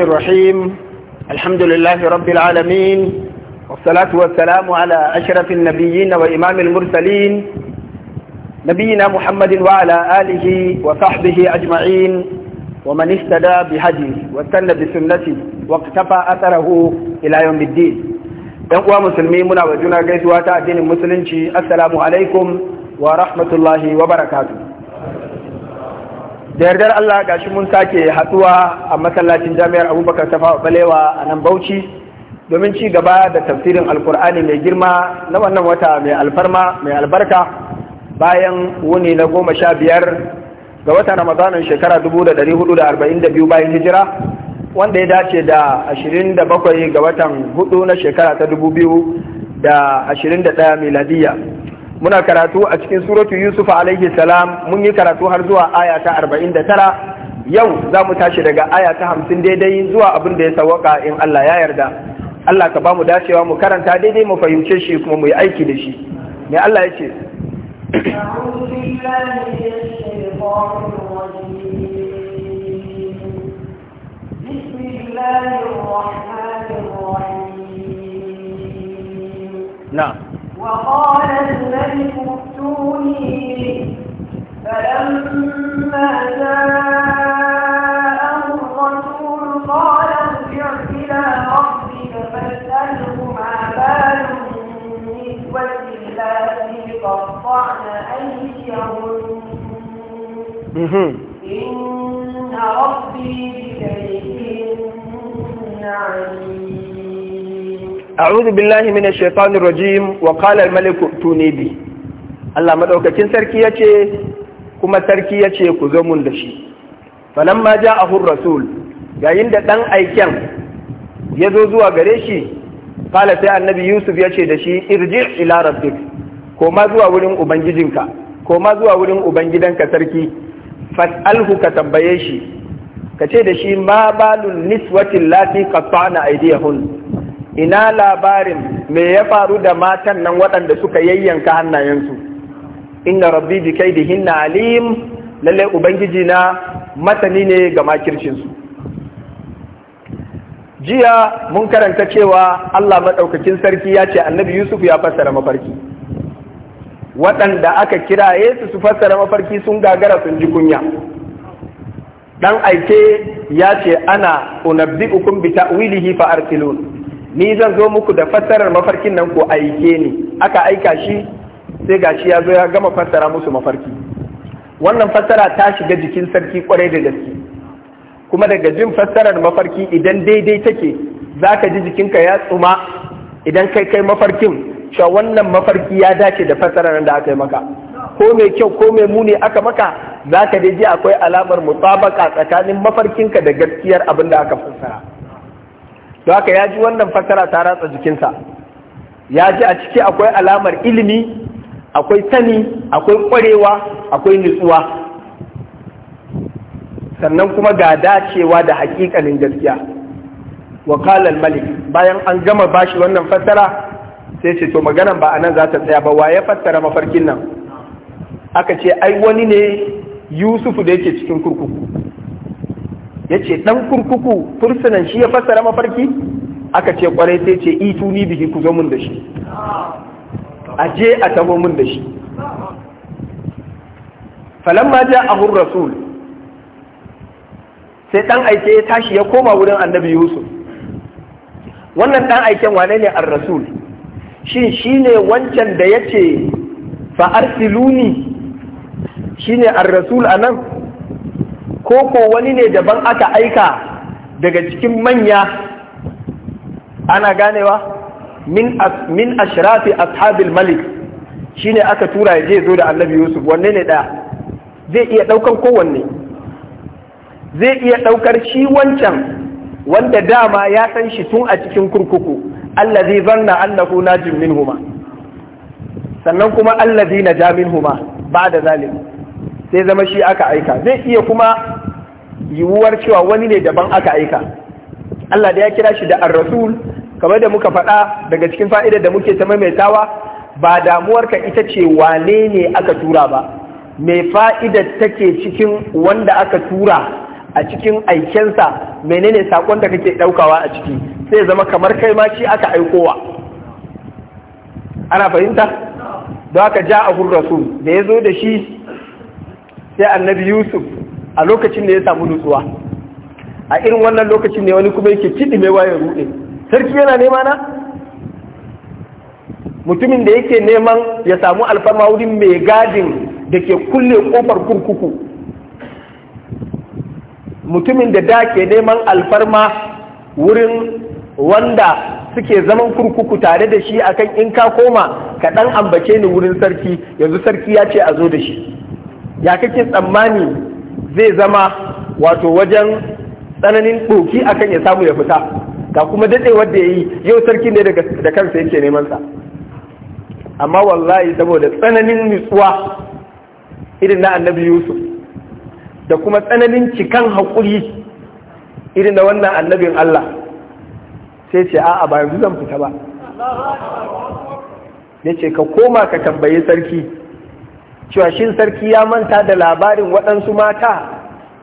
الرحيم الحمد لله رب العالمين والصلاة والسلام على أشرف النبيين وإمام المرسلين نبينا محمد وعلى آله وصحبه أجمعين ومن اهتدى بهدي واستنى بسنته واقتفى أثره إلى يوم الدين يقوى مسلمين منا وجنا قيس واتا المسلمين السلام عليكم ورحمة الله وبركاته da yardar Allah ga shi mun sake haɗuwa a masallacin jami'ar abubakar tafawa balewa a nan bauchi domin ci gaba da tafsirin alkur'ani mai girma na wannan wata mai alfarma mai albarka bayan wuni na goma sha biyar ga watan ramadanin shekara biyu bayan hijira wanda ya dace da ashirin da bakwai ga watan hudu na shekara ta biyu da ashirin 2021 miladiyya muna karatu a cikin suratu yusuf alaihi salam mun yi karatu har zuwa aya ta 49 yau za mu tashi daga aya ta 50 daidai zuwa abin da ya sawaka in Allah ya yarda Allah ka ba mu dacewa mu karanta daidai mu fahimce shi kuma mu yi aiki da shi me Allah ya ce وقال الملك اتوني فلما جاءه الرسول قال ارجع إلى ربك فاسأله ما بال النسوة اللاتي قطعن أيديهن إن ربي بكيدهن a'udhu billahi minash rajim wa qala al bi Allah madaukakin sarki yace kuma sarki yace ku mun da shi falamma ja'ahu rasul yayin da dan aiken ya zo zuwa gare shi qala sai annabi yusuf yace da shi irji' ila rabbik koma sarki ka tambaye shi kace ma ina labarin me ya faru da matan nan waɗanda suka yayyanka hannayensu inna rabbi bi na alim lalle ubangiji na masani ne ga makircinsu jiya mun karanta cewa Allah maɗaukakin sarki ya ce annabi Yusuf ya fassara mafarki waɗanda aka kira Yesu su fassara mafarki sun gagara sun ji kunya dan aike ya ce ana unabdi ukun bi ta'wilihi fa arsilun ni zan zo muku da fassarar mafarkin nan ko aike ni aka aika shi sai gashi ya zo ya gama fassara musu mafarki wannan fassara ta shiga jikin sarki kwarai da gaske kuma daga jin fassarar mafarki idan daidai take za ka ji jikinka ya tsuma idan kai kai mafarkin cewa wannan mafarki ya dace da fassarar da aka yi maka ko mai kyau ko mai muni aka maka zaka ka dai ji akwai alamar mutabaka tsakanin mafarkinka da gaskiyar abin da aka fassara to haka ya ji wannan fassara ta ratsa jikinsa ya ji a ciki akwai alamar ilimi akwai sani akwai ƙwarewa akwai nutsuwa sannan kuma ga dacewa da haƙiƙanin gaskiya wa malik bayan an gama bashi wannan fassara sai ce to maganan ba anan za ta tsaya ba wa ya fassara mafarkin nan aka ce ai wani ne yusufu da yake cikin kurkuku yace ɗan kurkuku fursunan shi ya fassara mafarki aka ce kwarai sai ce itu ni biki ku zo mun da shi a je a tabo mun da shi falamma ja ahur rasul sai ɗan aike ya tashi ya koma wurin annabi yusuf wannan ɗan aiken wane ne ar-rasul shin shine wancan da ya ce fa arsiluni shine ar-rasul a nan? ko ko wani ne daban aka aika daga cikin manya ana ganewa min ashrafi ashabil malik shine aka tura ya je zo da annabi yusuf wanne ne ɗaya zai iya ɗaukan kowanne zai iya ɗaukar shi wancan wanda dama ya san shi tun a cikin kurkuku allazi zanna annahu najin minhuma sannan kuma allazi naja minhuma ba da zalimi sai zama shi aka aika zai iya kuma yiwuwar cewa wani ne daban aka aika Allah da ya kira shi da ar-rasul kamar da muka faɗa daga cikin fa'idar da muke ta maimaitawa ba damuwar ka ita ce wane ne aka tura ba mai fa'idar take cikin wanda aka tura a cikin aikensa menene sakon da kake ɗaukawa a ciki sai zama kamar kai ma shi aka aikowa ana fahimta Ba ka ja a rasul da ya zo da shi sai annabi yusuf a lokacin da ya samu nutsuwa a irin wannan lokacin ne wani kuma yake kiɗi mai waye ruɗe sarki yana nema na mutumin da yake neman ya samu alfarma wuri mai gadin da ke kulle kofar kurkuku mutumin da da ke neman alfarma wurin wanda suke zaman kurkuku tare da shi akan in ka koma ka ɗan ambace ni wurin sarki yanzu sarki ya ce a zo da shi ya kake tsammani zai zama wato wajen tsananin ɗoki akan ya samu ya fita ga kuma daɗe da ya yi yau sarki ne da kansa yake neman sa amma wallahi saboda tsananin nutsuwa irin na annabi yusuf da kuma tsananin cikan haƙuri irin da wannan annabin allah sai ce a'a ba yanzu zan fita ba ya ce ka koma ka tambaye sarki cewa shin sarki ya manta da labarin waɗansu mata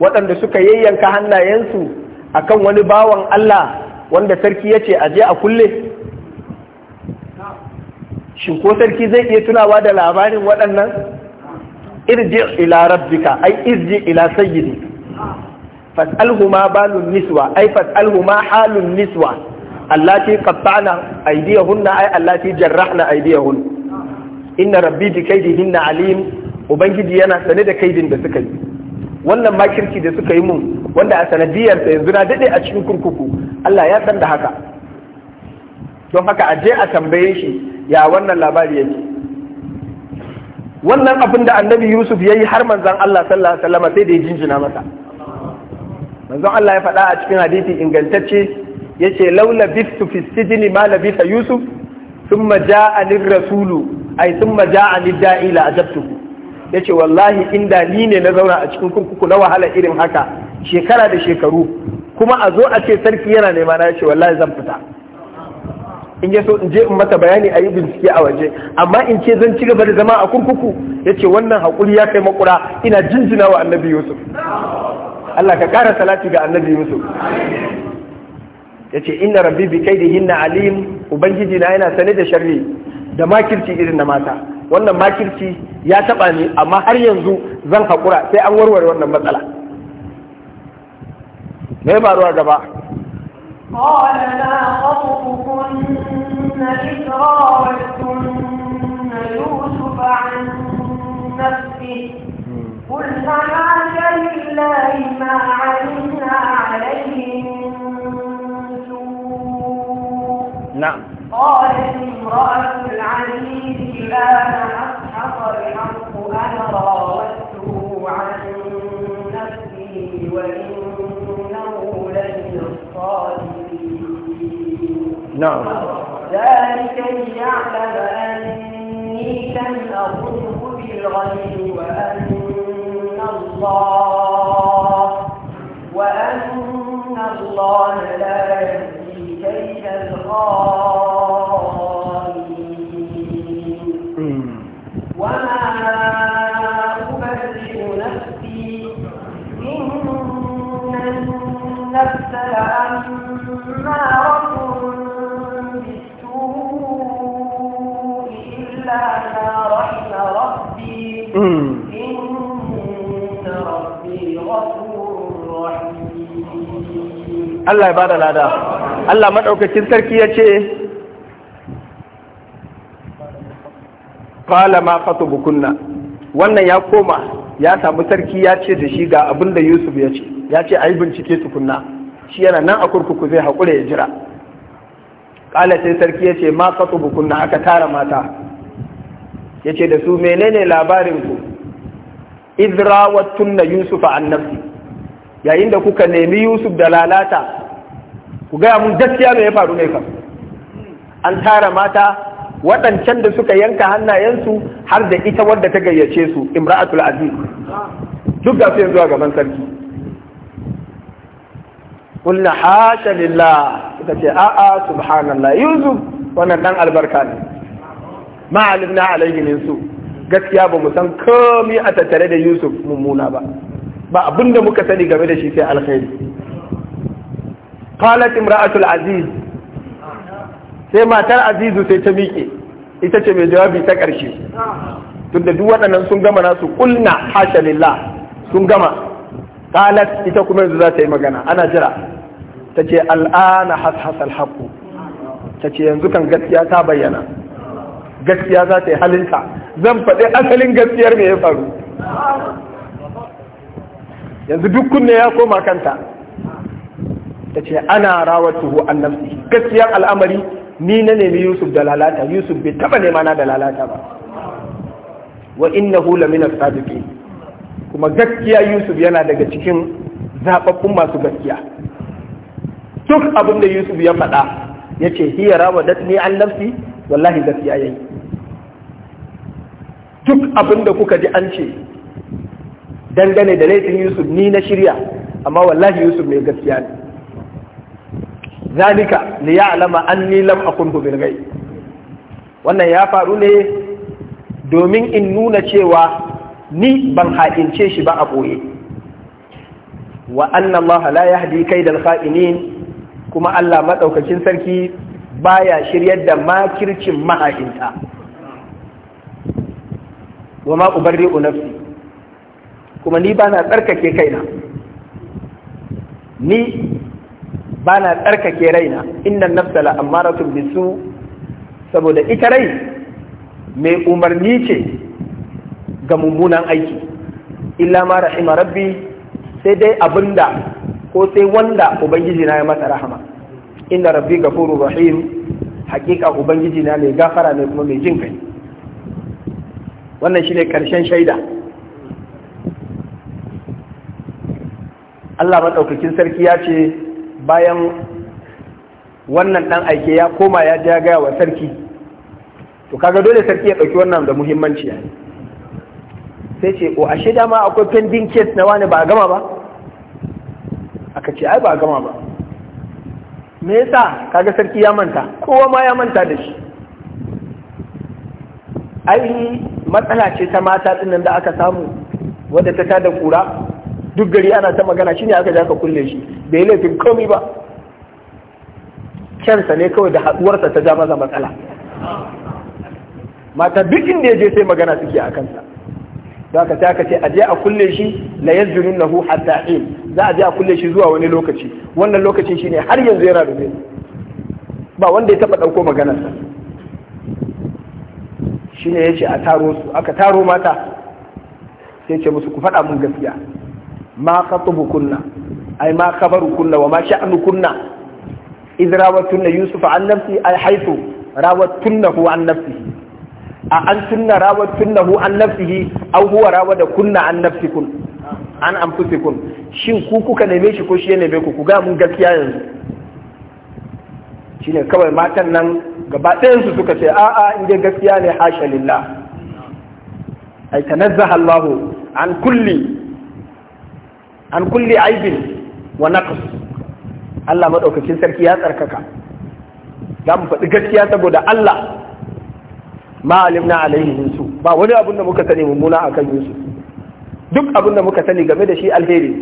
waɗanda suka yayyanka hannayensu akan wani bawan Allah wanda sarki ya ce aje a kulle shin ko sarki zai iya tunawa da labarin waɗannan irji ila rabbika ai irji ila sayyidi fas'alhuma balun niswa ai fas'alhuma halun niswa allati qatta'na aydiyahunna ai allati jarrahna aydiyahunna inna rabbi bi kaidihin na alim ubangiji yana sane da kaidin da suka yi wannan makirki da suka yi mun wanda a sanadiyarsa yanzu na daɗe a cikin kurkuku Allah ya san da haka don haka a je a tambaye shi ya wannan labari yake wannan abin da annabi Yusuf ya yi har manzan Allah sallallahu alaihi wasallam sai da ya jinjina masa manzon Allah ya faɗa a cikin hadisi ingantacce yace laula bistu fi sidni ma labisa Yusuf thumma ja'a lir rasulu ai sun maja'a a ajabtuhu ya ce wallahi inda ni ne na zauna a cikin kurkuku na wahala irin haka shekara da shekaru kuma a zo a ce sarki yana nema na ce wallahi zan fita in ya so in je in mata bayani a yi bincike a waje amma in ce zan ci gaba da zama a kurkuku ya ce wannan haƙuri ya kai makura ina jinjina wa annabi yusuf Allah ka ƙara salati ga annabi yusuf ya ce inna rabbi bi kai da hinna alim ubangiji na yana sane da sharri da makirci irin na mata wannan makirci ya taɓa ni amma har yanzu zan haƙura sai an warware wannan matsala me ya faruwa gaba قال نعم قالت امرأة العزيز الآن حصل الحق أنا راودته عن نفسه وإنه لمن الصادقين نعم ذلك ليعلم أني لم أخذه بالغيب وأن الله وأن الله لا يهدي كيد الخائنين وما أبرئ نفسي إن النفس لأمارة بالسوء إلا ما رحم ربي إن ربي غفور رحيم الله يبارك Allah maɗaukakin sarki ya ce Fala ma bukunna. wannan ya koma ya samu sarki ya ce da shi ga abin da Yusuf ya ce ya ce ayi bincike tukunna shi yana nan a kurkuku zai haƙura ya jira Ƙala sai sarki ya ce ma bukunna aka tara mata ya ce da su menene labarin ku tunna Yusuf a nafsi yayin da kuka nemi Yusuf da lalata ku gaya mun gaskiya me ya faru ne kam an tara mata waɗancan da suka yanka hannayensu har da ita wadda ta gayyace su imra'atul aziz duk ga su yanzu a gaban sarki kullu hasha lillah ita ce a'a subhanallah yusuf wannan dan albarka ne ma na Alayhi min su gaskiya ba mu san komai a tattare da yusuf mummuna ba ba abinda muka sani game da shi sai alkhairi qalat imra'atul aziz sai matar azizu sai ta miƙe ita ce mai jawabi ta ƙarshe tunda duk waɗannan sun gama nasu ƙulna hasha lillah sun gama qalat ita kuma yanzu za ta yi magana ana jira ta ce al'ana hashasal haqqu ta ce yanzu kan gaskiya ta bayyana gaskiya za ta yi halinta zan faɗi asalin gaskiyar me ya faru yanzu duk kunne ya koma kanta ta ce ana tuhu an nafsi gaskiyar al'amari ni na nemi yusuf da lalata yusuf bai taba nema na da lalata ba wa innahu lamina sadiqin kuma gaskiya yusuf yana daga cikin zababbun masu gaskiya duk abin da yusuf ya faɗa ya ce hiya da ni an nafsi wallahi gaskiya yayi duk abin da kuka ji an ce dangane da laifin yusuf ni na shirya amma wallahi yusuf mai gaskiya ne zalika li ya'lama anni lam akunhu bil ghaib wannan ya faru ne domin in nuna cewa ni ban haƙince shi ba a boye wa anna Allah la yahdi kaidal kha'inin kuma Allah madaukakin sarki baya shiryar da makircin mahaƙinta wa ma ubarri'u nafsi kuma ni bana tsarkake kaina ni ba na tsarkake raina inda nafsala amma ammaratun bisu saboda ita rai mai umarni ce ga mummunan aiki illa ma rahima rabbi sai dai abinda ko sai wanda ubangiji na ya masa rahama inda rabbi gafuru rahim hakika ubangiji na mai gafara ne kuma mai jin kai wannan shine karshen shaida Allah maɗaukakin sarki ya ce bayan wannan ɗan aike ya koma ya ja gaya wa sarki to kaga dole sarki ya ɗauki wannan da muhimmanci ya sai ce o ashe dama akwai pending case na wani ba a gama ba aka ce ai ba a gama ba me yasa kaga sarki ya manta kowa ma ya manta da shi ai matsala ce ta mata ɗinnan da aka samu wadda ta tada kura duk gari ana ta magana shine aka ja ka kulle shi bai laifin komi ba kyansa ne kawai da haduwarsa ta ja maza matsala mata duk inda ya je sai magana suke a kansa za ka ta kace aje a kulle shi la yanzurun lahu hatta in za a je a kulle shi zuwa wani lokaci wannan lokacin shine har yanzu yana da ba wanda ya taba dauko maganarsa shine yace a taro su aka taro mata sai ce musu ku faɗa mun gaskiya ma kunna? ay ma kunna wa ma sha'nukunna idh rawattunna yusuf an nafsi ay haythu hu an nafsihi a antunna hu an nafsihi aw huwa kunna an nafsikum an anfusikum shin ku kuka neme shi ko shi ya neme ku ku ga mun gaskiya yanzu shine kawai matan nan gaba su suka ce a'a inda gaskiya ne hasha lillah ay tanazzaha Allah an kulli an kulli aibin wa naqs Allah madaukakin sarki ya tsarkaka za mu faɗi gaskiya saboda Allah ma alimna alaihi yusuf ba wani abin da muka sani mummuna akan yusuf duk abin da muka sani game da shi alheri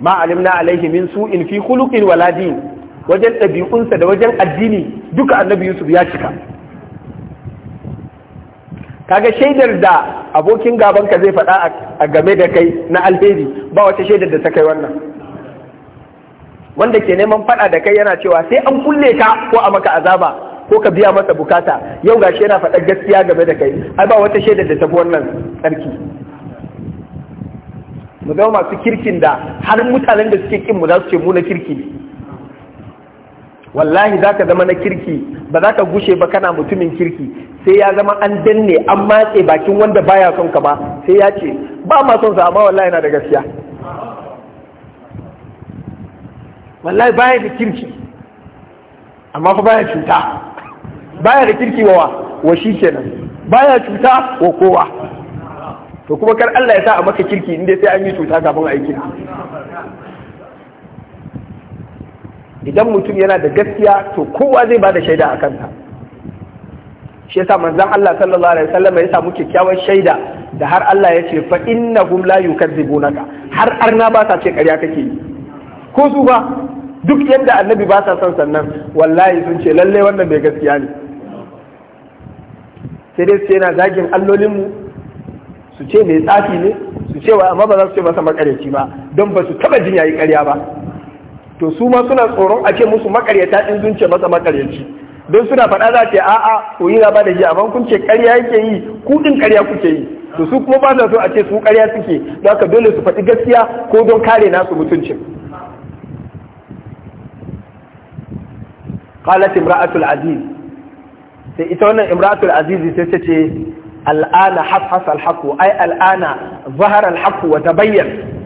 ma alimna alaihi min in fi khuluqin wala wajen ɗabi'unsa da wajen addini duka annabi yusuf ya cika kaga shaidar da abokin gabanka zai faɗa a game da kai na alheri ba wata shaidar da ta kai wannan wanda ke neman faɗa da kai yana cewa sai an kulle ka ko a maka azaba ko ka biya masa bukata yau gashi yana faɗar gaskiya game da kai ai ba wata shaidar da ta wannan tsarki mu zama masu kirkin da har mutanen da suke kin mu za su ce mu na kirki wallahi za ka zama na kirki ba za ka gushe ba kana mutumin kirki sai ya zama an danne an matse bakin wanda baya son ka ba sai ya ce ba ma son sa amma wallahi yana da gaskiya wallahi baya da kirki amma fa baya cuta baya da kirki wa wa shi kenan baya cuta wa kowa to kuma kar Allah ya sa a maka kirki inda sai an yi cuta gaban aikin idan mutum yana da gaskiya to kowa zai ba da shaida a kanta. shi yasa manzon Allah sallallahu alaihi wasallam ya samu kyakkyawar shaida da har Allah ya ce fa innahum la yukadzibunaka har arna ba sa ce ƙarya kake yi ko su ba duk yadda annabi ba sa son sannan wallahi sun ce lalle wannan mai gaskiya ne sai dai su yana zagin allolinmu su ce mai tsafi ne su ce wa amma ba za su ce masa makareci ba don ba su taba jin yayi ƙarya ba to su ma suna tsoron a ce musu makaryata in sun ce masa makaryaci don suna faɗa za ce a ko yi ba da jiya. amma kun ce ƙarya yake yi ku din ƙarya kuke yi to su kuma ba sa so a ce su ƙarya suke don haka dole su faɗi gaskiya ko don kare nasu mutuncin qalat imra'atul aziz sai ita wannan imra'atul aziz sai ta ce al'ana hashas al-haqu ai al'ana zahara al-haqu wa tabayyana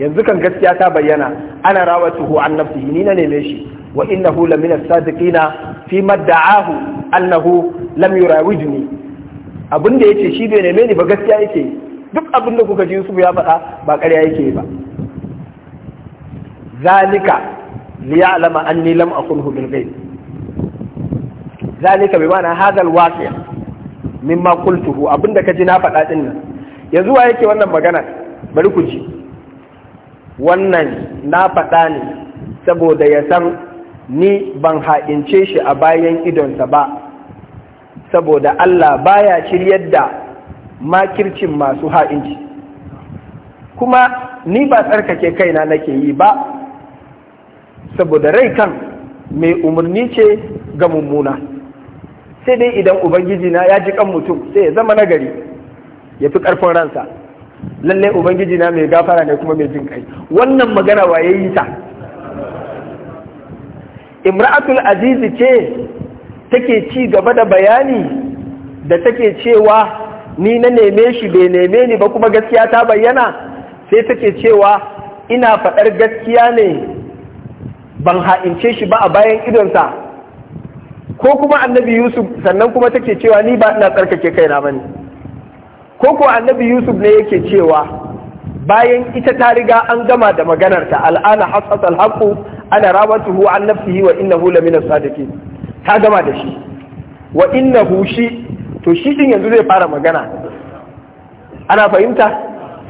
yanzu kan gaskiya ta bayyana ana rawatuhu an nafsihi ni na neme shi wa innahu lamina sadiqina fi madda'ahu annahu lam yurawijni abin da yace shi bai neme ni ba gaskiya yake duk abin da kuka ji su ya faɗa ba ƙarya yake ba zalika liya'lama anni lam aqulhu bil ghaib zalika bi ma'ana hadha al waqi' mimma qultuhu abinda kaji na faɗa din nan yanzu wa yake wannan magana bari ku ji wannan na faɗa ne saboda ya san ni ban ha'ince shi a bayan idonsa ba saboda Allah baya shiryar da makircin masu ha'inci kuma ni ba tsarkake kaina nake yi ba saboda rai kan mai umarni ce ga mummuna sai dai idan ubangijina ya ji kan mutum sai ya zama nagari ya fi ƙarfin ransa lalle ubangiji na mai gafara ne kuma mai jin kai wannan magana wa yayi ta imra'atul azizi ce take ci gaba da bayani da take cewa ni na neme shi bai neme ni ba kuma gaskiya ta bayyana sai take cewa ina faɗar gaskiya ne ban ha'ince shi ba a bayan idonsa ko kuma annabi yusuf sannan kuma take cewa ni ba ina tsarkake kaina ba ko ko annabi yusuf ne yake cewa bayan ita ta riga an gama da maganarta al'ana hasas alhaqu ana rabatuhu an nafsihi wa innahu min sadiqin ta gama da shi wa innahu shi to shi din yanzu zai fara magana ana fahimta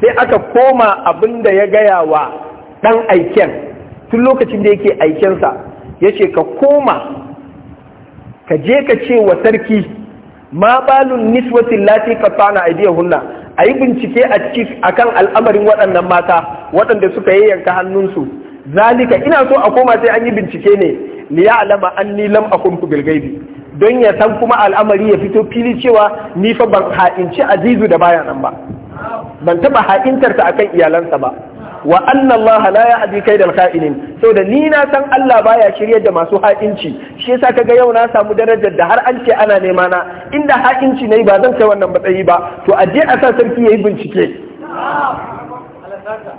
sai aka koma abin da ya gaya wa dan aiken tun lokacin da yake aikensa ya ce ka koma ka je ka ce wa sarki ma balun niswatin lati hunna, a yi bincike a cikin akan al'amarin waɗannan mata waɗanda suka yayyanka hannunsu zalika ina so a koma sai an yi bincike ne alama an anni lam akun bil ghaibi don ya san kuma al'amari ya fito fili cewa ni fa ban ha'inci azizu da baya nan ba ban taba ha'intarta akan iyalansa ba wa anna Allah la ya'di kaidal kha'inin saboda ni na san Allah baya shirye da masu ha'inci shi yasa kaga yau na samu darajar da har an ce ana nema na inda ha'inci nayi ba zan kai wannan matsayi ba to a je a sa sarki yayi bincike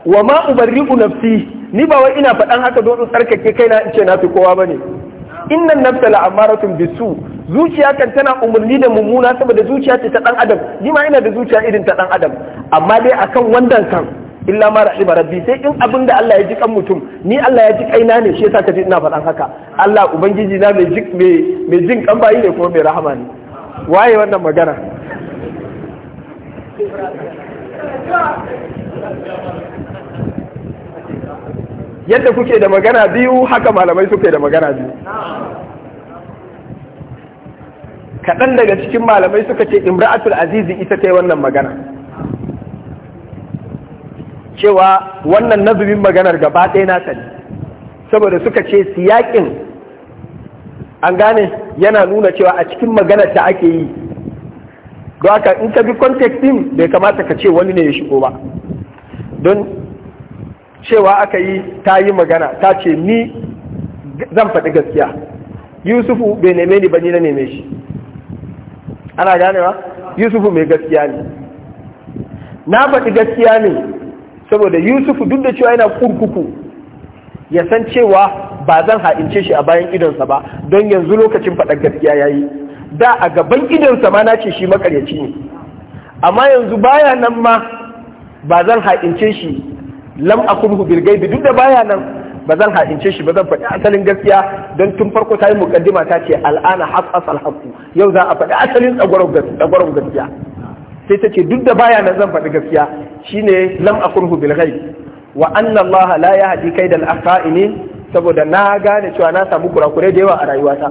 wa ma ubarri'u nafsi ni ba wai ina faɗan haka don tsarkake kaina in ce na fi kowa bane innan nafsa la'amaratun bisu zuciya kan tana umarni da mummuna saboda zuciya ce ta dan adam ni ma ina da zuciya irin ta dan adam amma dai akan wannan kan illa ma rahima rabbi sai in abin da Allah ya ji kan mutum ni Allah ya ji kaina ne shi yasa ka ji ina faɗan haka Allah ubangiji na mai jin mai jin kan bayi ne kuma mai rahama ne waye wannan magana yadda kuke da magana biyu haka malamai suke da magana biyu kaɗan daga cikin malamai suka ce imra'atul azizi ita ta yi wannan magana cewa wannan nazumin maganar gaba ɗaya nata ne saboda suka ce siyaƙin an gane yana nuna cewa a cikin maganar da ake yi don haka in ka bi context din bai kamata ka ce wani ne ya shigo ba don cewa aka yi ta yi magana ta ce ni zan faɗi gaskiya yusufu bai neme ni ba ni na neme shi ana ganewa yusufu mai gaskiya ne na faɗi gaskiya ne saboda yusuf duk da cewa yana kurkuku ya san cewa ba zan haɗince shi a bayan idonsa ba don yanzu lokacin faɗar gaskiya ya yi da a gaban idonsa ma na ce shi makaryaci ne amma yanzu baya nan ma ba zan haɗince shi lam akunhu bil gaibi duk da baya nan ba zan haɗince shi ba zan faɗi asalin gaskiya don tun farko ta yi mukaddima ta ce al'ana hasas alhaku yau za a faɗi asalin tsagwaron gaskiya sai ta ce duk da baya na zan faɗi gaskiya shine lam akurhu bil ghaib wa anna Allah la yahdi kaidal akha'ini saboda na gane cewa na samu kurakure da yawa a rayuwata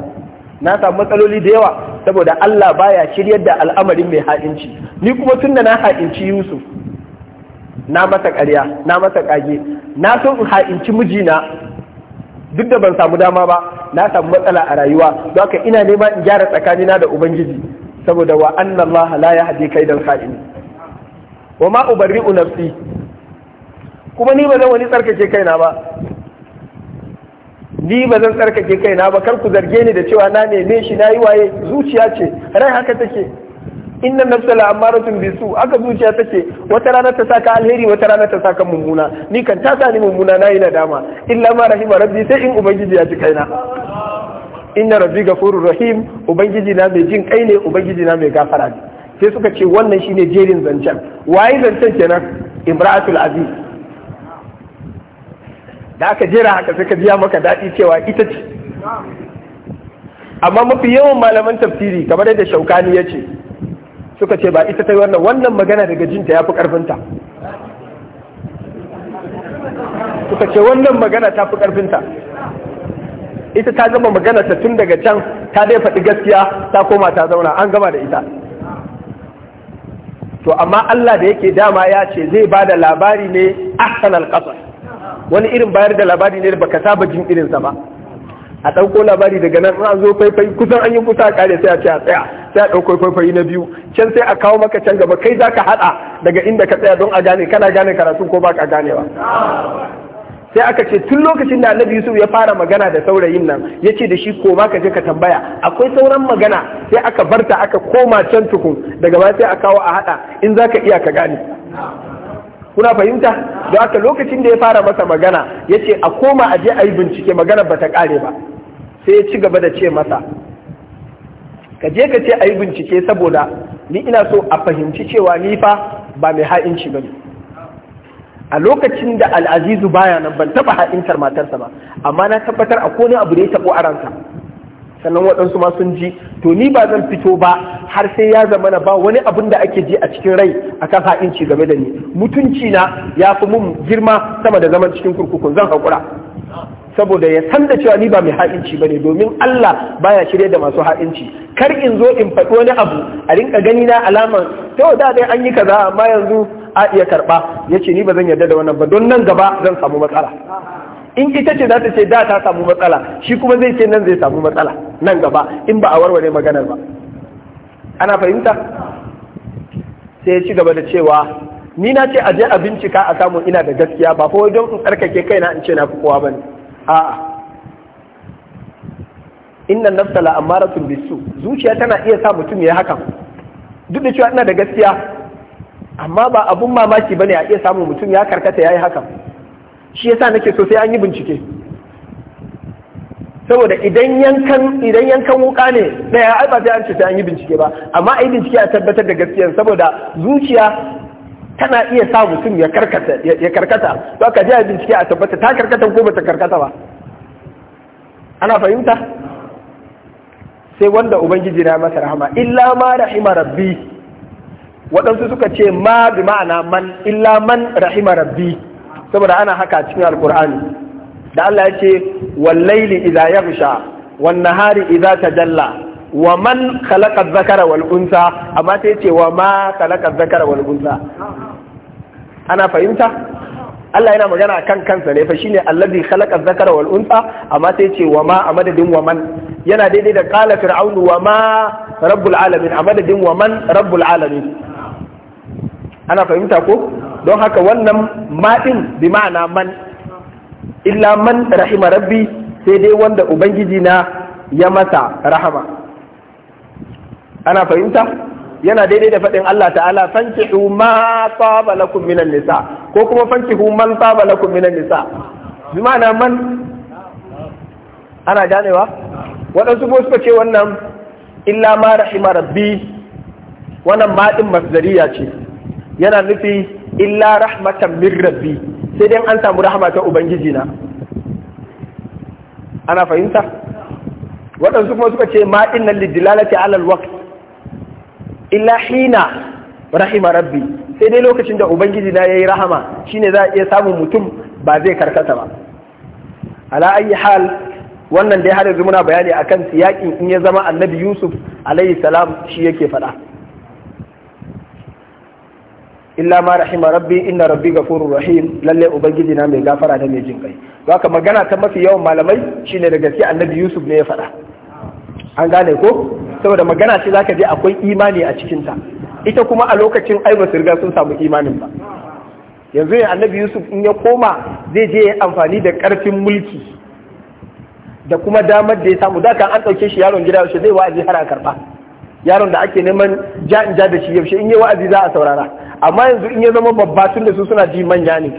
na samu matsaloli da yawa saboda Allah baya shiryar da al'amarin mai haɗinci ni kuma tun da na haɗinci Yusuf na masa ƙarya na masa ƙage na so in haɗinci mijina duk da ban samu dama ba na samu matsala a rayuwa don haka ina nema in gyara tsakanina da ubangiji saboda wa anna Allah la kai don kha'in wa ma ubarri nafsi kuma ni ba zan wani tsarkake kaina ba ni ba zan tsarkake kaina ba kar ku zarge ni da cewa na neme shi na yi waye zuciya ce rai haka take inna nafsa la amaratun bisu aka zuciya take wata rana ta saka alheri wata rana ta saka mummuna ni kan ta sani mummuna na yi nadama illa ma rahima rabbi sai in ubangiji ya ji kaina inna rabbi gafurur rahim ubangiji na mai jin kai ne ubangiji na mai gafara ne sai suka ce wannan shine jerin zancen waye zancen kenan imra'atul aziz da aka jira haka sai ka biya maka dadi cewa ita ce amma mafi yawan malaman tafsiri kamar yadda shaukani ya ce suka ce ba ita ta wannan wannan magana daga jinta ya fi ƙarfinta suka ce wannan magana ta fi ƙarfinta ita ta zama magana ta tun daga can ta dai faɗi gaskiya ta koma ta zauna an gama da ita to amma Allah da yake dama ya ce zai ba da labari ne ahsan ƙasar. wani irin bayar da labari ne da baka saba jin irinsa ba a ɗauko labari daga nan an zo faifai kusan an yi kusa a kare sai a ce tsaya sai a ɗauko faifai na biyu can sai a kawo maka can gaba kai za ka haɗa daga inda ka tsaya don a gane kana gane karatu ko ba ka ganewa sai aka ce tun lokacin da annabi yusuf ya fara magana da saurayin nan ya ce da shi koma ka je ka tambaya akwai sauran magana sai aka barta aka koma can tukun daga gaba sai a kawo a hada in za ka iya ka gane kuna fahimta da aka lokacin da ya fara masa magana ya ce a koma a je a yi bincike magana ba ta kare ba sai ya ci gaba da ce masa ka je ka ce a yi bincike saboda ni ina so a fahimci cewa ni fa ba mai ha'inci ba a lokacin da al'azizu baya nan ban taba haɗintar matarsa ba amma na tabbatar a kone abu da ya taɓo a ransa sannan waɗansu ma sun ji to ni ba zan fito ba har sai ya zama na ba wani abun da ake ji a cikin rai a kan haɗinci game da ni mutunci na ya fi mun girma sama da zaman cikin kurkukun zan haƙura saboda ya san da cewa ni ba mai ha'inci ne domin Allah baya shirya da masu haɗinci. kar in zo in faɗi wani abu a rinka gani na alaman to da dai an yi kaza amma yanzu a iya karɓa ya ce ni ba zan yarda da wannan ba don nan gaba zan samu matsala in ita ce za ta ce da ta samu matsala shi kuma zai ce nan zai samu matsala nan gaba in ba a warware maganar ba ana fahimta sai ya ci gaba da cewa ni na ce a je a bincika a samu ina da gaskiya ba kawai don in tsarkake kaina in ce na fi kowa bane a'a innan nafsa la amaratun bisu zuciya tana iya sa mutum ya hakan duk da cewa ina da gaskiya amma ba abun mamaki ba ne a iya samun mutum ya karkata yayi haka shi yasa nake so sai an yi bincike saboda idan yankan idan yankan wuka ne daya ai ba sai an ce sai an yi bincike ba amma ai bincike a tabbatar da gaskiya saboda zuciya tana iya sa mutum ya karkata ya karkata to ka je bincike a tabbata ta karkata ko ba ta karkata ba ana fahimta sai wanda ubangiji na masa rahama illa ma rahima rabbi waɗansu suka ce ma bi ma'ana man illa man rahima rabbi saboda ana haka cikin alkur'ani da Allah ya ce wallaili idza yaghsha wan nahari idza tajalla wa man khalaqa dhakara wal unsa amma sai ce wa ma khalaqa dhakara wal unsa ana fahimta Allah yana magana kan kansa ne fa shine allazi khalaqa dhakara wal unsa amma sai ce wa ma a madadin wa man yana daidai da qala fir'aunu wa ma rabbul alamin a madadin wa man rabbul alamin ana fahimta ko don haka wannan maɗin bi ma'ana man illa man rahima rabbi sai dai wanda ubangiji na ya masa rahama ana fahimta yana daidai da faɗin Allah ta'ala fankihu ma saba lakum minan nisa ko kuma fankihu man saba lakum minan nisa bi ma'ana man ana ganewa waɗansu ko suka ce wannan illa ma rahima rabbi wannan maɗin masdariya ce yana nufi illa rahmatan min rabbi sai dai an samu rahama ta ubangiji na ana fahimta waɗansu kuma suka ce ma innal lidilalati ala alwaqt illa hina rahima rabbi sai dai lokacin da ubangiji na yayi rahama shine za a iya samun mutum ba zai karkata ba ala ayi hal wannan dai har yanzu muna bayani akan siyakin in ya zama annabi yusuf alayhi salam shi yake faɗa illa ma rahima rabbi inna rabbi ghafurur rahim lalle ubangiji na mai gafara da mai jin kai haka magana ta mafi yawan malamai shine da gaske annabi yusuf ne ya faɗa an gane ko saboda magana ce zaka je akwai imani a cikin ta ita kuma a lokacin ai ba riga sun samu imanin ba yanzu ne annabi yusuf in ya koma zai je ya amfani da karfin mulki da kuma damar da ya samu da kan an ɗauke shi yaron gida shi zai wa'azi har a karɓa yaron da ake neman ja in ja da shi yaushe in yi wa'azi za a saurara amma yanzu in ya zama babba tun da su suna ji manya ne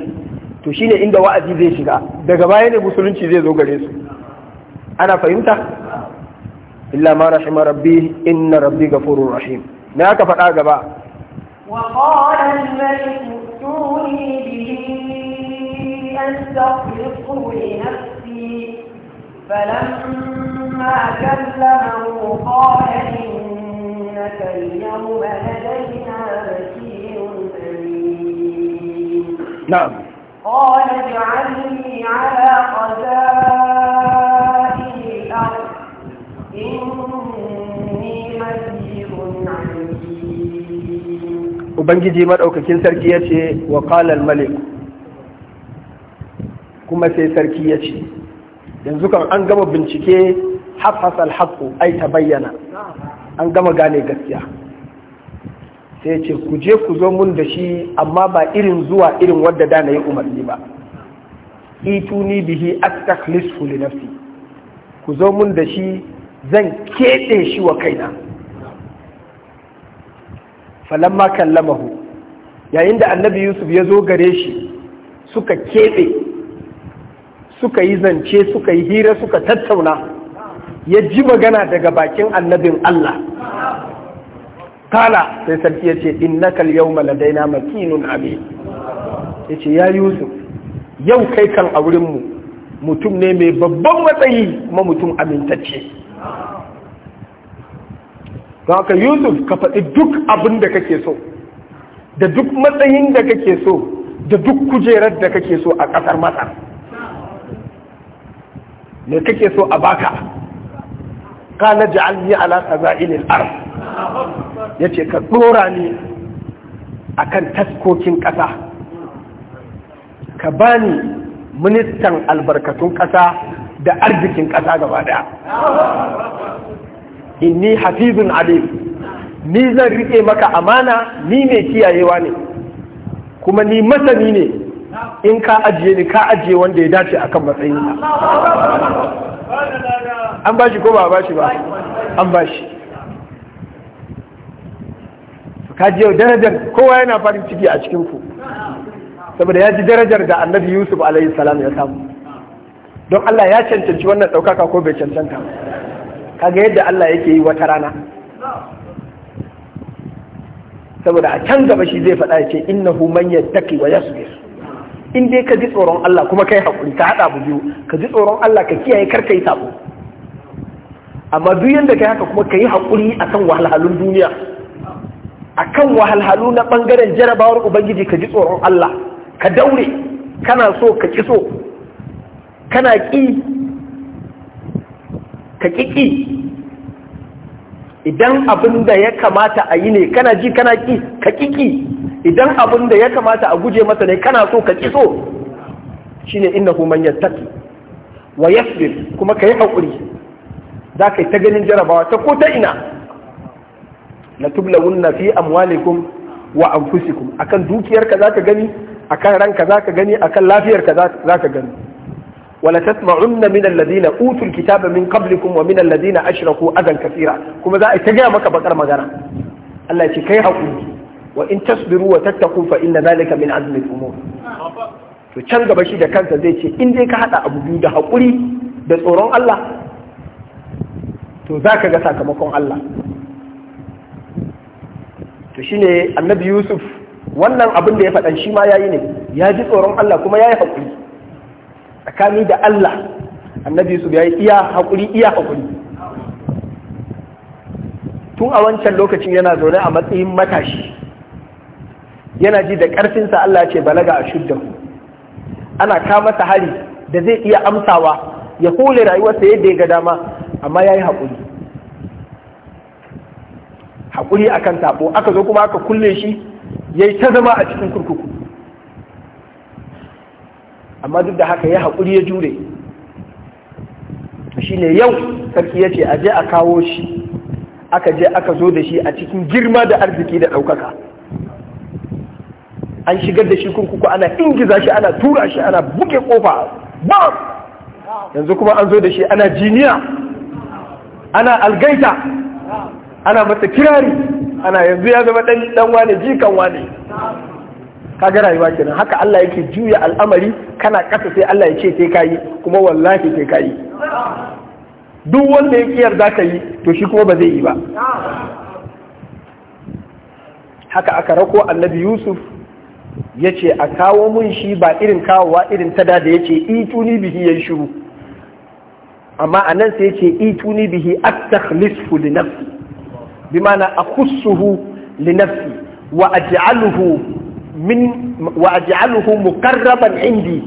to shine inda wa'azi zai shiga daga baya ne musulunci zai zo gare su ana fahimta illa ma rahima rabbi inna rabbi ghafurur rahim me aka faɗa gaba wa qala al-malik tuni bihi astaghfiru li nafsi falamma kallamahu qala innaka al-yawma ladayna نعم قال اجعلني على خزائن الأرض إني عليم وبنجي سركية kuma sai sarki ya ce yanzu kan an gama bincike hafhasal haƙo ai ta bayyana an gama gane gaskiya sai ce ku je ku zo mun da shi amma ba irin zuwa irin wadda da na yi umarni ba ni bihi astakhlisu li nafsi ku zo mun da shi zan keɗe shi wa kaina falamma kallamahu yayin da annabi yusuf ya zo gare shi suka keɓe suka yi zance suka yi hira suka tattauna ya ji magana daga bakin annabin allah kala sai sarki ya ce innaka al-yawma ladaina makinun abi yace ya yusuf yau kai kan a wurin mu mutum ne mai babban matsayi kuma mutum amintacce don haka yusuf ka faɗi duk abin da kake so da duk matsayin da kake so da duk kujerar da kake so a ƙasar masar me kake so a baka kana ja'alni ala ala al ya ce ka tsora ni a kan taskokin ƙasa ka bani ministan albarkatun ƙasa da arzikin ƙasa gaba ɗaya inni hafizun alif ni zan riƙe maka amana ni mai kiyayewa ne kuma ni masani ne in ka ajiye ni ka ajiye wanda ya dace a kan matsayin an ba shi ko ba ba shi ba an ba shi ka ji darajar kowa yana farin ciki a cikin ku saboda ya ji darajar da annabi yusuf alaihi salam ya samu don Allah ya cancanci wannan ɗaukaka ko bai cancanta kaga yadda Allah yake yi wata rana saboda a can gaba shi zai faɗa ya ce innahu man yattaqi wa yasbir in dai ka ji tsoron Allah kuma kai hakuri ka haɗa biyu ka ji tsoron Allah ka kiyaye kar yi sabo amma duk yadda kai haka kuma ka yi hakuri akan wahalhalun duniya a kan wahalhalu na ɓangaren jarabawar ubangiji ka ji tsoron Allah ka daure kana so ka ki so kana ki ka ƙi idan abin da ya kamata a yi ne kana ji kana ƙi ka ƙi idan abin da ya kamata a guje masa ne kana so ka ƙi so shi shine innahu manyan tafi wa yasbir kuma ka yi haƙuri za ka yi ta ganin jarabawa ta ko ta ina la na fi amwalikum wa anfusikum akan dukiyarka zaka gani akan ranka zaka gani akan lafiyarka zaka gani wala tasma'unna min alladhina utul kitaba min qablikum wa min alladhina ashraku adan kathira kuma za a ta gaya maka bakar magana Allah ya ce kai hakuri wa in tasbiru wa tattaqu fa inna dhalika min azmi al-umur to can gaba shi da kansa zai ce in dai ka hada abu biyu da hakuri da tsoron Allah to zaka ga sakamakon Allah to shine annabi yusuf wannan abin da ya faɗan shi ma yi ne ya ji tsoron Allah kuma ya yi hakuri tsakani da Allah annabi yusuf ya yi iya hakuri iya hakuri tun a wancan lokacin yana zaune a matsayin matashi yana ji da ƙarfinsa Allah ce balaga a shudda ana ka masa hari da zai iya amsawa ya hule rayuwarsa yadda ya ga dama amma ya yi haƙuri haƙuri a kan taɓo aka zo kuma aka kulle shi ya yi ta zama a cikin kurkuku amma duk da haka ya haƙuri ya jure shi ne yau sarki ya ce a je a kawo shi aka je aka zo da shi a cikin girma da arziki da ɗaukaka an shigar da shi kurkuku ana ingiza shi ana tura shi ana buke ƙofa, ba yanzu kuma an zo da shi ana jiniya ana algaita ana masa kirari ana yanzu ya zama dan dan wane jikan wane kaga rayuwa kenan haka Allah yake juya al'amari kana kasa sai Allah ya ce sai kayi kuma wallahi sai kayi duk wanda ya kiyar za ka yi to shi kuma ba zai yi ba haka aka rako annabi yusuf ya ce a kawo mun shi ba irin kawowa irin tada da ya ce ituni bihi ya shiru amma a nan sai ya ce ituni bihi at-takhlisu li nafsi بمعنى أخصه لنفسي وأجعله من وأجعله مقربا عندي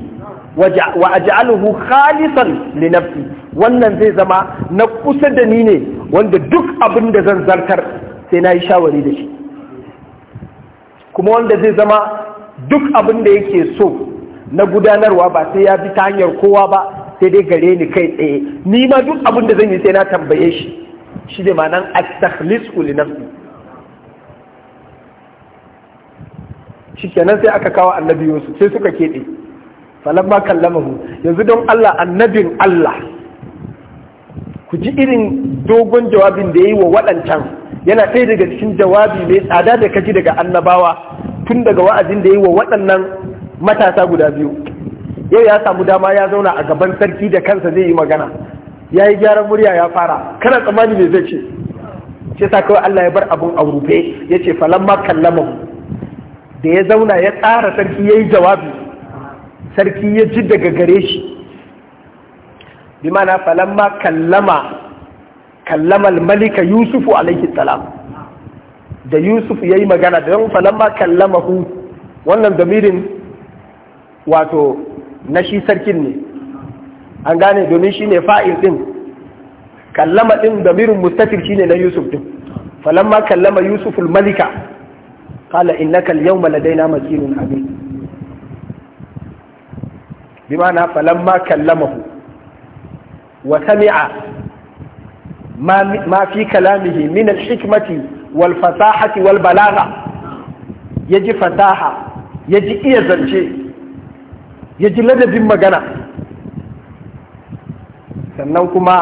وأجعله خالصا لنفسي wannan zai zama na kusa da ni ne wanda duk abin da zan zartar sai na yi shawari da shi kuma wanda zai zama duk abin da yake so na gudanarwa ba sai ya bi ta hanyar kowa ba sai dai gare ni kai tsaye ni ma duk abin da zan yi sai na tambaye shi shi ne ma nan at-takhlisu li shi kenan sai aka kawo annabi yosu sai suka keɗe. Falon ma kan kallamahu yanzu don Allah annabin Allah ku ji irin dogon jawabin da ya yi wa waɗancan yana ɗaya daga cikin jawabi mai tsada da kaji daga annabawa tun daga wa'azin da ya yi wa waɗannan matasa guda biyu yau ya samu dama ya zauna a gaban sarki da kansa zai yi magana ya yi gyaran murya ya fara kana tsammani me zai ce sai sa kawai Allah ya bar abun a rufe ya ce falon ma kallama da ya zauna ya tsara sarki ya yi jawabi sarki ya ji daga gare shi bi mana ma kallama kallama malika yusufu alaihi salam da yusuf ya yi magana da yawan ma kallama hu wannan damirin wato na shi sarkin ne an gane domin ne fa'il ɗin, kallama ɗin din damirin mustafir ne na yusuf ɗin. falamma kallama yusuf malika kala qala innaka na yawma ladaina makinun amin bimana falamma kallamahu wa sami'a ma fi kalamihi min al-hikmati wal fasahati wal balagha yaji fasaha yaji iya zance yaji ladabin magana sannan kuma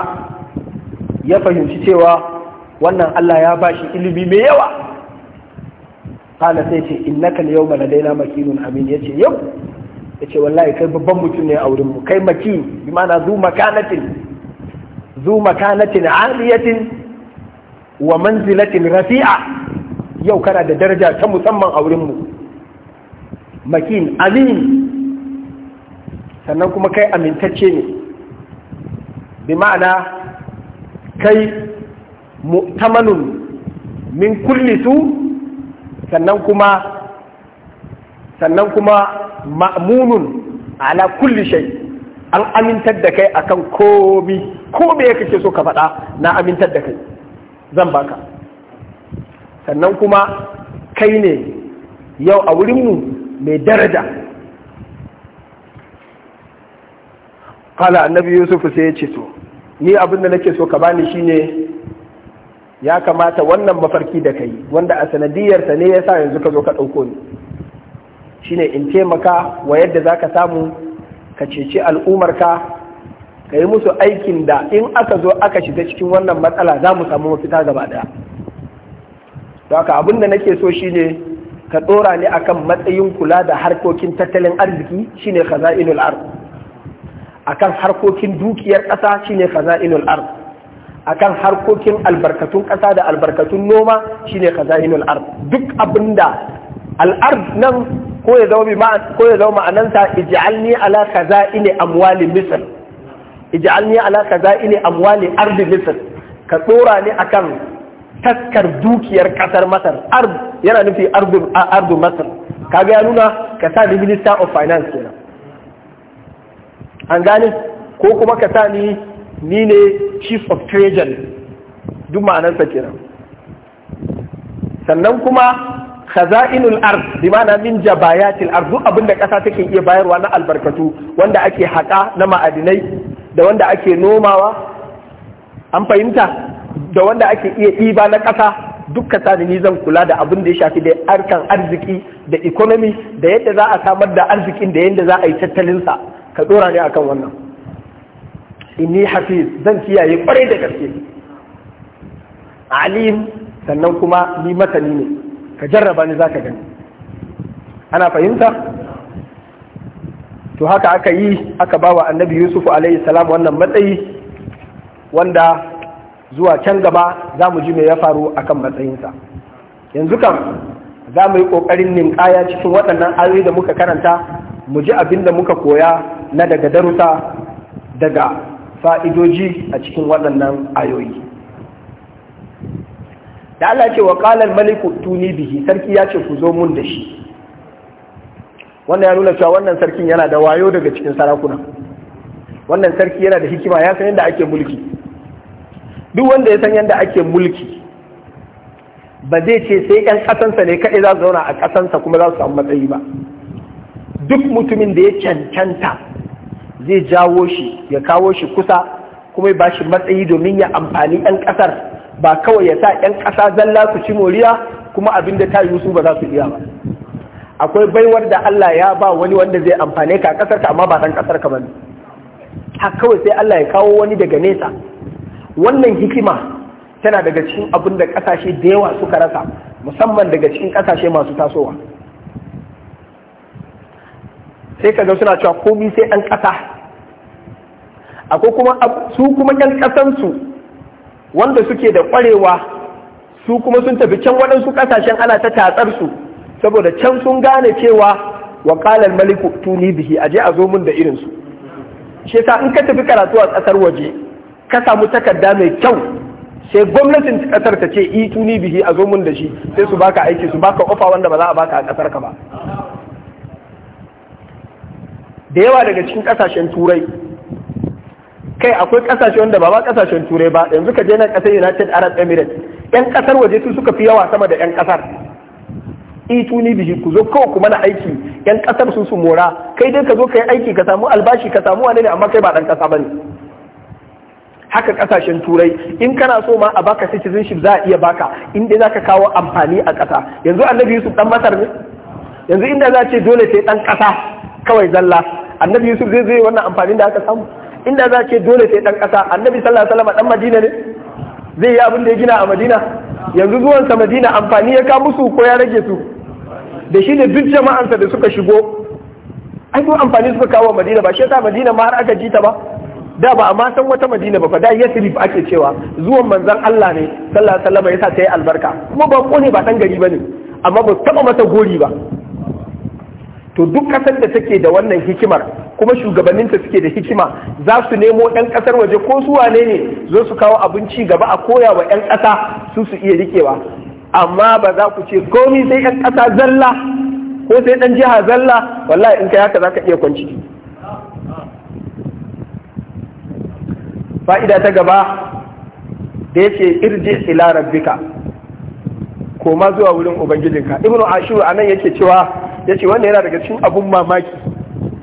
ya fahimci cewa wannan Allah ya ba shi ilimi mai yawa kala sai ce in nakan yau mana daina makinun amin ya ce yau ya ce wallahi kai babban mutum ne a wurinmu kai maki bi mana zu makanatin zu makanatin aliyatin wa manzilatin rafi'a yau kana da daraja ta musamman a wurinmu makin amin sannan kuma kai amintacce ne bi ma'ana kai mu'tamanun min kulli su sannan kuma sannan kuma ma'munun ala kulli shay an amintar da kai akan komi ko me kake so ka faɗa na amintar da kai zan baka sannan kuma kai ne yau a wurinmu mai daraja kala annabi yusuf sai ya ce to ni abin da nake so ka bani shine ya kamata wannan mafarki da kai wanda a sanadiyarsa ne ya sa yanzu ka zo ka ɗauko ni shine in taimaka wa yadda za ka samu ka ceci al'umarka ka yi musu aikin da in aka zo aka shiga cikin wannan matsala za mu samu mafita gaba ɗaya to haka abin da nake so shine ka ɗora ni akan matsayin kula da harkokin tattalin arziki shine khaza'inul ardh akan harkokin dukiyar ƙasa shine khaza'inul ard akan harkokin albarkatun ƙasa da albarkatun noma shine khaza'inul ard duk abinda al'ard nan ko ya zama ma'anansa ij'alni ala khaza'ini amwali misr ij'alni ala khaza'ini amwali ard misr ka dora ni akan taskar dukiyar kasar masar ard yana nufi ardu masar kaga ya nuna ka sa ni minister of finance kenan an gane ko kuma ka sa ni ni ne chief of treasury duk ma'anarsa kenan sannan kuma khaza'inul ard bi ma'ana min jabayatil ard duk abinda kasa take iya bayarwa na albarkatu wanda ake haƙa na ma'adinai da wanda ake nomawa an fahimta da wanda ake iya ɗiba na ƙasa duk sani ni zan kula da abin da ya shafi da harkan arziki da economy da yadda za a samar da arzikin da yadda za a yi tattalinsa. ka tsora ne akan wannan inni hafiz zan kiyaye kwarai da gaske alim sannan kuma ni masani ne ka jarraba ni zaka gani ana fahimta to haka aka yi aka bawa annabi Yusuf alaihi salam wannan matsayi wanda zuwa can gaba za mu ji me ya faru akan matsayinsa yanzu kan za mu yi ƙoƙarin ninkaya cikin waɗannan ayoyi da muka karanta mu ji abin da muka koya na daga darusa daga fa'idoji a cikin waɗannan ayoyi da Allah ce wa ƙalar maliku tuni bihi sarki ya ce ku zo mun da shi wannan ya nuna cewa wannan sarkin yana da wayo daga cikin sarakuna wannan sarki yana da hikima ya san yadda ake mulki duk wanda ya san yadda ake mulki ba zai ce sai 'yan ƙasansa ne kaɗai za su zauna a ƙasansa kuma za su samu matsayi ba duk mutumin da ya cancanta zai jawo shi ya kawo shi kusa kuma ya bashi matsayi domin ya amfani 'yan ƙasar ba kawai ya sa 'yan ƙasa zalla su ci moriya kuma abin da ta yi su ba za su iya ba akwai baiwar da Allah ya ba wani wanda zai amfane ka ƙasar ka amma ba ɗan ƙasar ka bane ha kawai sai Allah ya kawo wani daga nesa wannan hikima tana daga cikin abin da ƙasashe da yawa suka rasa musamman daga cikin ƙasashe masu tasowa sai ka ga suna cewa komi sai ɗan ƙasa akwai kuma su kuma ɗan ƙasansu wanda suke da ƙwarewa su kuma sun tafi can waɗansu ƙasashen ana ta tatsar su saboda can sun gane cewa wa qalal maliku tuni bihi aje a zo mun da irin su shi yasa in ka tafi karatu a ƙasar waje ka samu takarda mai kyau sai gwamnatin ƙasar ta ce i tuni bihi a zo mun da shi sai su baka aiki su baka ofa wanda ba za a baka a ƙasar ka ba da yawa daga cikin kasashen turai kai akwai kasashe wanda ba ba kasashen turai ba yanzu ka je na kasar united arab emirates yan kasar waje su suka fi yawa sama da yan kasar itu ni biji ku zo kawai kuma na aiki yan kasar sun su mora kai dai ka zo ka yi aiki ka samu albashi ka samu wani ne amma kai ba dan kasa bane haka kasashen turai in kana so ma a baka citizenship za a iya baka in dai zaka kawo amfani a kasa yanzu annabi yusuf dan masar ne yanzu inda za ce dole sai dan kasa kawai zalla annabi yusuf zai zai wannan amfanin da aka samu inda za ce dole sai dan kasa annabi sallallahu alaihi wasallam dan madina ne zai yi abin da ya gina a madina yanzu sa madina amfani ya ka musu ko ya rage su da shi ne duk jama'ansa da suka shigo ai ko amfani suka kawo madina ba shi yasa madina ma har aka ji ta ba da ba amma san wata madina ba fa da yasrif ake cewa zuwan manzon Allah ne sallallahu alaihi wasallam yasa ta yi albarka kuma ba ne ba dan gari bane amma ba taba mata gori ba to duk kasar da take da wannan hikimar kuma shugabanninta suke da hikima za su nemo ɗan ƙasar waje ko su wane ne zo su kawo abinci gaba a koya wa 'yan ƙasa su su iya rikewa amma ba za ku ce komi sai 'yan kasa zalla ko sai ɗan jiha zalla wallahi in kai haka za ka iya kwanci fa'ida ta gaba da yake irje ila rabbika koma zuwa wurin ubangijinka ibnu ashur anan yake cewa ya ce wannan yana daga cikin abun mamaki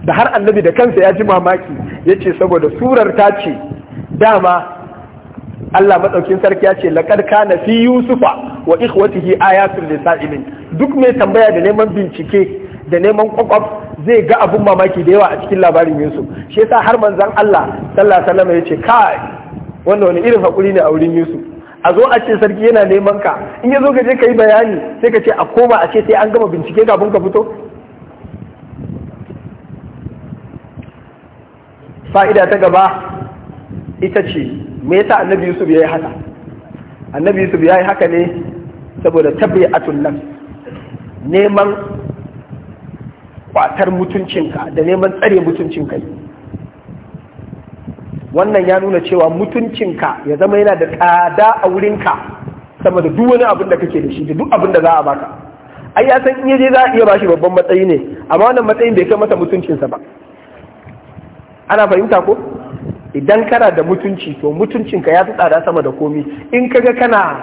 da har annabi da kansa ya ji mamaki ya ce saboda surar ta ce dama Allah matsaukin sarki ya ce laƙar na fi yusufa wa ikhwatihi ayatul lisa'ilin duk mai tambaya da neman bincike da neman kwakwaf zai ga abun mamaki da yawa a cikin labarin yusuf shi yasa har manzon Allah sallallahu alaihi wasallam ya ce kai wannan wani irin hakuri ne a wurin yusuf a zo a ce sarki yana neman ka in ya zo ka ka yi bayani sai ka ce a koma a ce sai an gama bincike kafin ka fito fa'ida ta gaba ita ce me yasa annabi yusuf ya yi haka annabi yusuf ya yi haka ne saboda tabbai a tunan, neman kwatar mutuncinka da neman tsare mutuncinka wannan ya nuna cewa mutuncinka ya zama yana da tsada a wurinka sama da duk wani abin da kake da shi da duk abin da za a baka ai ya san in je za a iya bashi babban matsayi ne amma wannan matsayin bai kai masa mutuncinsa ba ana fahimta ko idan kana da mutunci to mutuncinka ya fi tsada sama da komi in kaga kana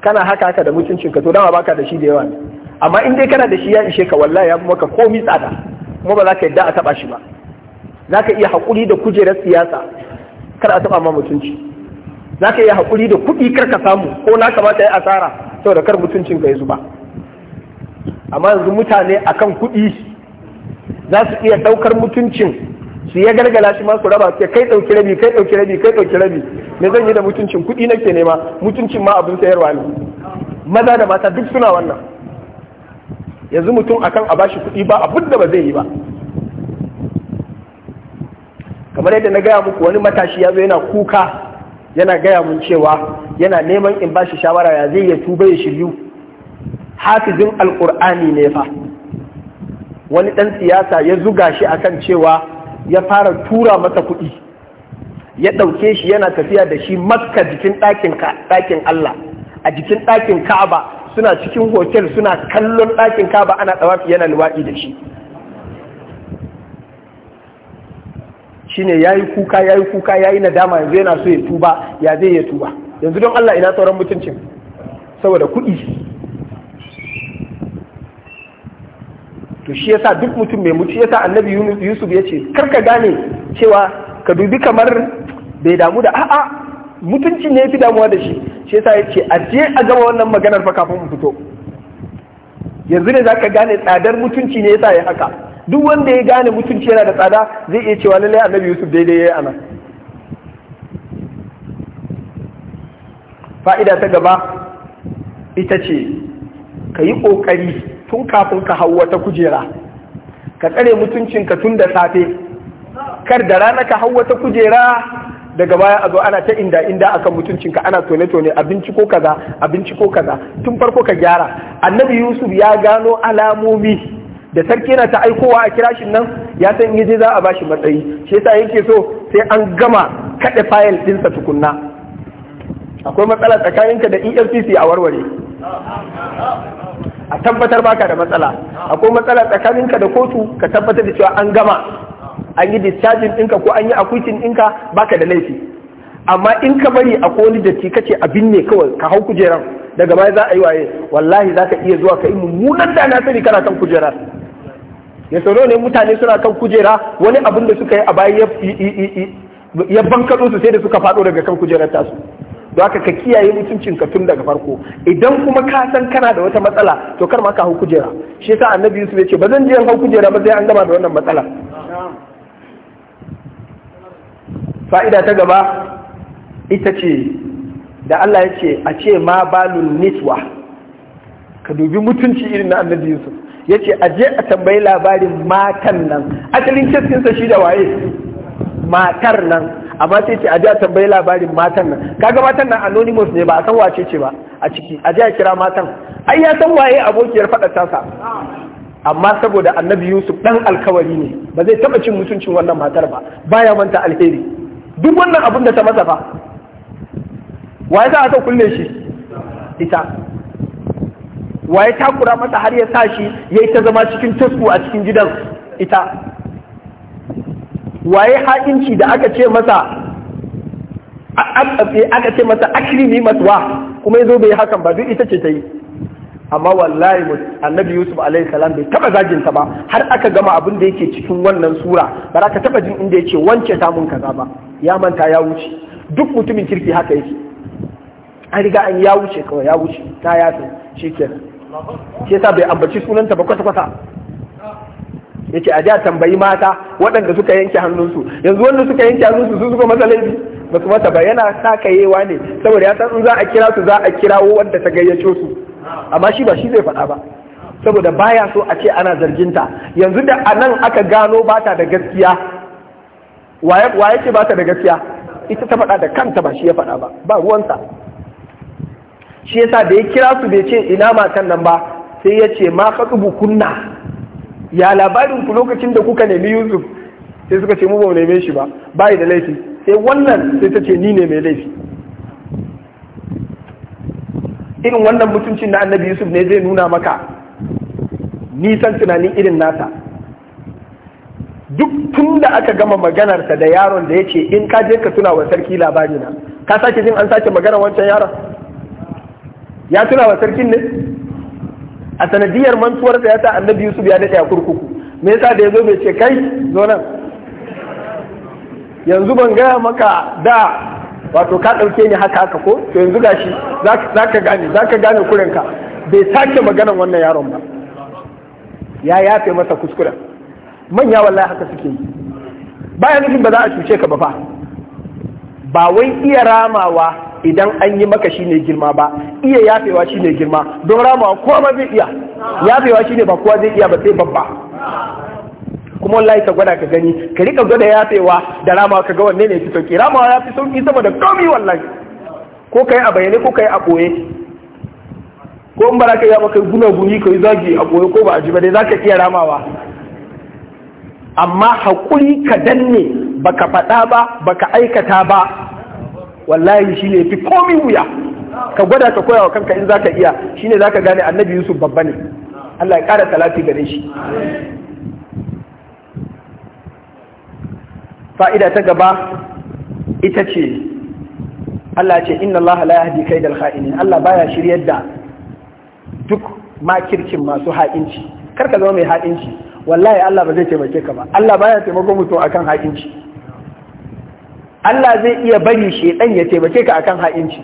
kana haka haka da mutuncinka to dama baka da shi da yawa amma in dai kana da shi ya ishe ka wallahi ya fi maka komi tsada kuma ba za ka yadda a taba shi ba za ka iya haƙuri da kujerar siyasa kar a taɓa ma mutunci za ka iya haƙuri da kuɗi kar ka samu ko na kamata ya asara saboda kar mutuncin ka yi zuba amma yanzu mutane akan kuɗi za su iya ɗaukar mutuncin su ya gargala shi ma su raba ke kai ɗauki rabi kai ɗauki rabi kai ɗauki rabi me zan yi da mutuncin kuɗi nake nema mutuncin ma abin sayarwa ne maza da mata duk suna wannan yanzu mutum akan a bashi kuɗi ba abin da ba zai yi ba kamar yadda na gaya muku wani matashi ya zo yana kuka yana gaya mun cewa yana neman in ba shi shawara ya zai ya tuba ya shiryu hafizin alkur'ani ne fa wani ɗan siyasa ya zuga shi a kan cewa ya fara tura masa kuɗi ya ɗauke shi yana tafiya da shi makka jikin ɗakin Allah a jikin ɗakin Ka'aba suna cikin hotel suna kallon ɗakin Ka'aba ana tsawafi yana luwaɗi da shi shine yayi kuka yayi kuka yayi nadama yanzu yana so ya tuba ya zai ya tuba yanzu don Allah ina sauran mutuncin saboda kuɗi to shi yasa duk mutum mai mutu yasa annabi Yusuf ya ce kar ka gane cewa ka dubi kamar bai damu da a'a mutunci ne ya fi damuwa da shi shi yasa ya ce aje a gama wannan maganar fa kafin mu fito yanzu ne zaka gane tsadar mutunci ne yasa ya haka duk wanda ya gane mutunci yana da tsada zai iya cewa lallai annabi yusuf daidai ya yi ana fa'ida ta gaba ita ce ka yi ƙoƙari tun kafin ka hau wata kujera ka tsare mutuncinka tun da safe kar da rana ka hau wata kujera daga baya a zo ana ta inda inda akan mutuncinka ana tone tone abinci ko kaza abinci ko kaza tun farko ka gyara annabi yusuf ya gano alamomi da sarki na ta aikowa a kirashin nan ya san in yaje za a bashi matsayi shi yasa yake so sai an gama kada fayil ɗinsa tukunna akwai matsala tsakaninka da EFCC a warware a tabbatar baka da matsala akwai matsala tsakaninka da kotu ka tabbatar da cewa an gama an yi discharging ɗinka ko an yi acquitting ɗinka baka da laifi amma in ka bari a koli da ci ce abin ne kawai ka hau kujeran daga baya za a yi waye wallahi za ka iya zuwa ka yi mummunan da na sani kana kan kujerar ya sauro ne mutane suna kan kujera wani abin da suka yi a baya ya bankaɗo su sai da suka faɗo daga kan kujerar tasu don haka ka kiyaye mutuncinka tun daga farko idan kuma ka san kana da wata matsala to kar ma ka hau kujera shi yasa annabi Yusuf ya ce ba zan je hau kujera ba sai an gama da wannan matsala fa'ida ta gaba ita ce da Allah ya ce a ce ma balun niswa ka dubi mutunci irin na annabi Yusuf ya ce a je a tambayi labarin matan nan asalin cikinsa shi da waye matar nan amma sai ce a je a tambayi labarin matan nan kaga matan nan anonymous ne ba a san wace ce ba a ciki a je a kira matan ai ya san waye abokiyar faɗar tasa amma saboda annabi yusuf dan alkawari ne ba zai taɓa cin mutuncin wannan matar ba baya manta alheri duk wannan abin da ta masa fa waye za a ta kulle shi ita wa ya takura masa har ya sa shi ya yi ta zama cikin tasku a cikin gidan ita waye haƙinci da aka ce masa aka ce masa masu wa? kuma ya zo bai hakan ba duk ita ce ta yi amma wallahi annabi yusuf alaihi salam bai taba zagin ta ba har aka gama abin da yake cikin wannan sura ba za ka taba jin inda yake wance ta mun kaza ba ya manta ya wuce duk mutumin kirki haka yake an riga an ya wuce kawai ya wuce ta yafe shikenan shi yasa bai ambaci sunanta ba kwata-kwata Yake a ja tambayi mata waɗanda suka yanke hannunsu yanzu wanda suka yanke hannunsu su suka masa laifi ba su mata ba yana sakayewa ne saboda ya san in za a kira su za a kirawo wanda ta gayyaco su amma shi ba shi zai faɗa ba saboda baya so a ce ana zarginta yanzu da a nan aka gano ba ta da gaskiya waye ce ba ta da gaskiya ita ta faɗa da kanta ba shi ya faɗa ba ba ruwansa shi yasa da ya kira su bai ce ina matan nan ba sai ya ce ma haɗu kunna ya labarin ku lokacin da kuka nemi Yusuf sai suka ce mu ba mu neme shi ba bayi da laifi sai wannan sai ta ce ni ne mai laifi irin wannan mutuncin na annabi Yusuf ne zai nuna maka nisan tunanin irin nasa duk tun da aka gama maganarsa da yaron da ya ce in ka je ka tuna wa sarki labari ka sake jin an sake maganar wancan yaron ya tuna wa sarkin ne a sanadiyar mantuwar ya ta annabi yusuf ya daɗe a kurkuku me yasa da ya zo mai ce kai zo nan yanzu ban gaya maka da wato ka ɗauke ni haka haka ko to yanzu gashi za ka gane za ka gane kurinka bai sake maganan wannan yaron ba ya yafe masa kuskuren manya wallahi haka suke yi bayan nufin ba za a cuce ka ba fa ba wai iya ramawa idan an yi maka shine girma ba iya yafewa shine girma don ramawa kowa ba zai iya yafewa shine ba kowa zai iya ba sai babba kuma wallahi ka gwada ka gani ka rika gwada yafewa da ramawa ka ga wanne ne fi sauki ramawa ya fi sauki saboda komi wallahi ko kai a bayyane ko kai a koye ko in bara baraka ya maka guna guni yi zagi a koye ko ba a ji ba dai ka iya ramawa amma haƙuri ka danne baka faɗa ba baka aikata ba wallahi shine fi komi wuya ka gwada ka koya wa kanka in zaka iya Shi ne za ka gane annabi yusuf babba ne Allah ya kara talati gare shi fa'ida ta gaba ita ce Allah ce inna Allah la yahdi kaidal kha'inin Allah baya shiryar da duk makircin masu ha'inci karka zama mai ha'inci wallahi Allah ba zai taimake ka ba Allah baya taimakon mutum akan ha'inci Allah zai iya bari shedan ya taimake ka akan ha'inci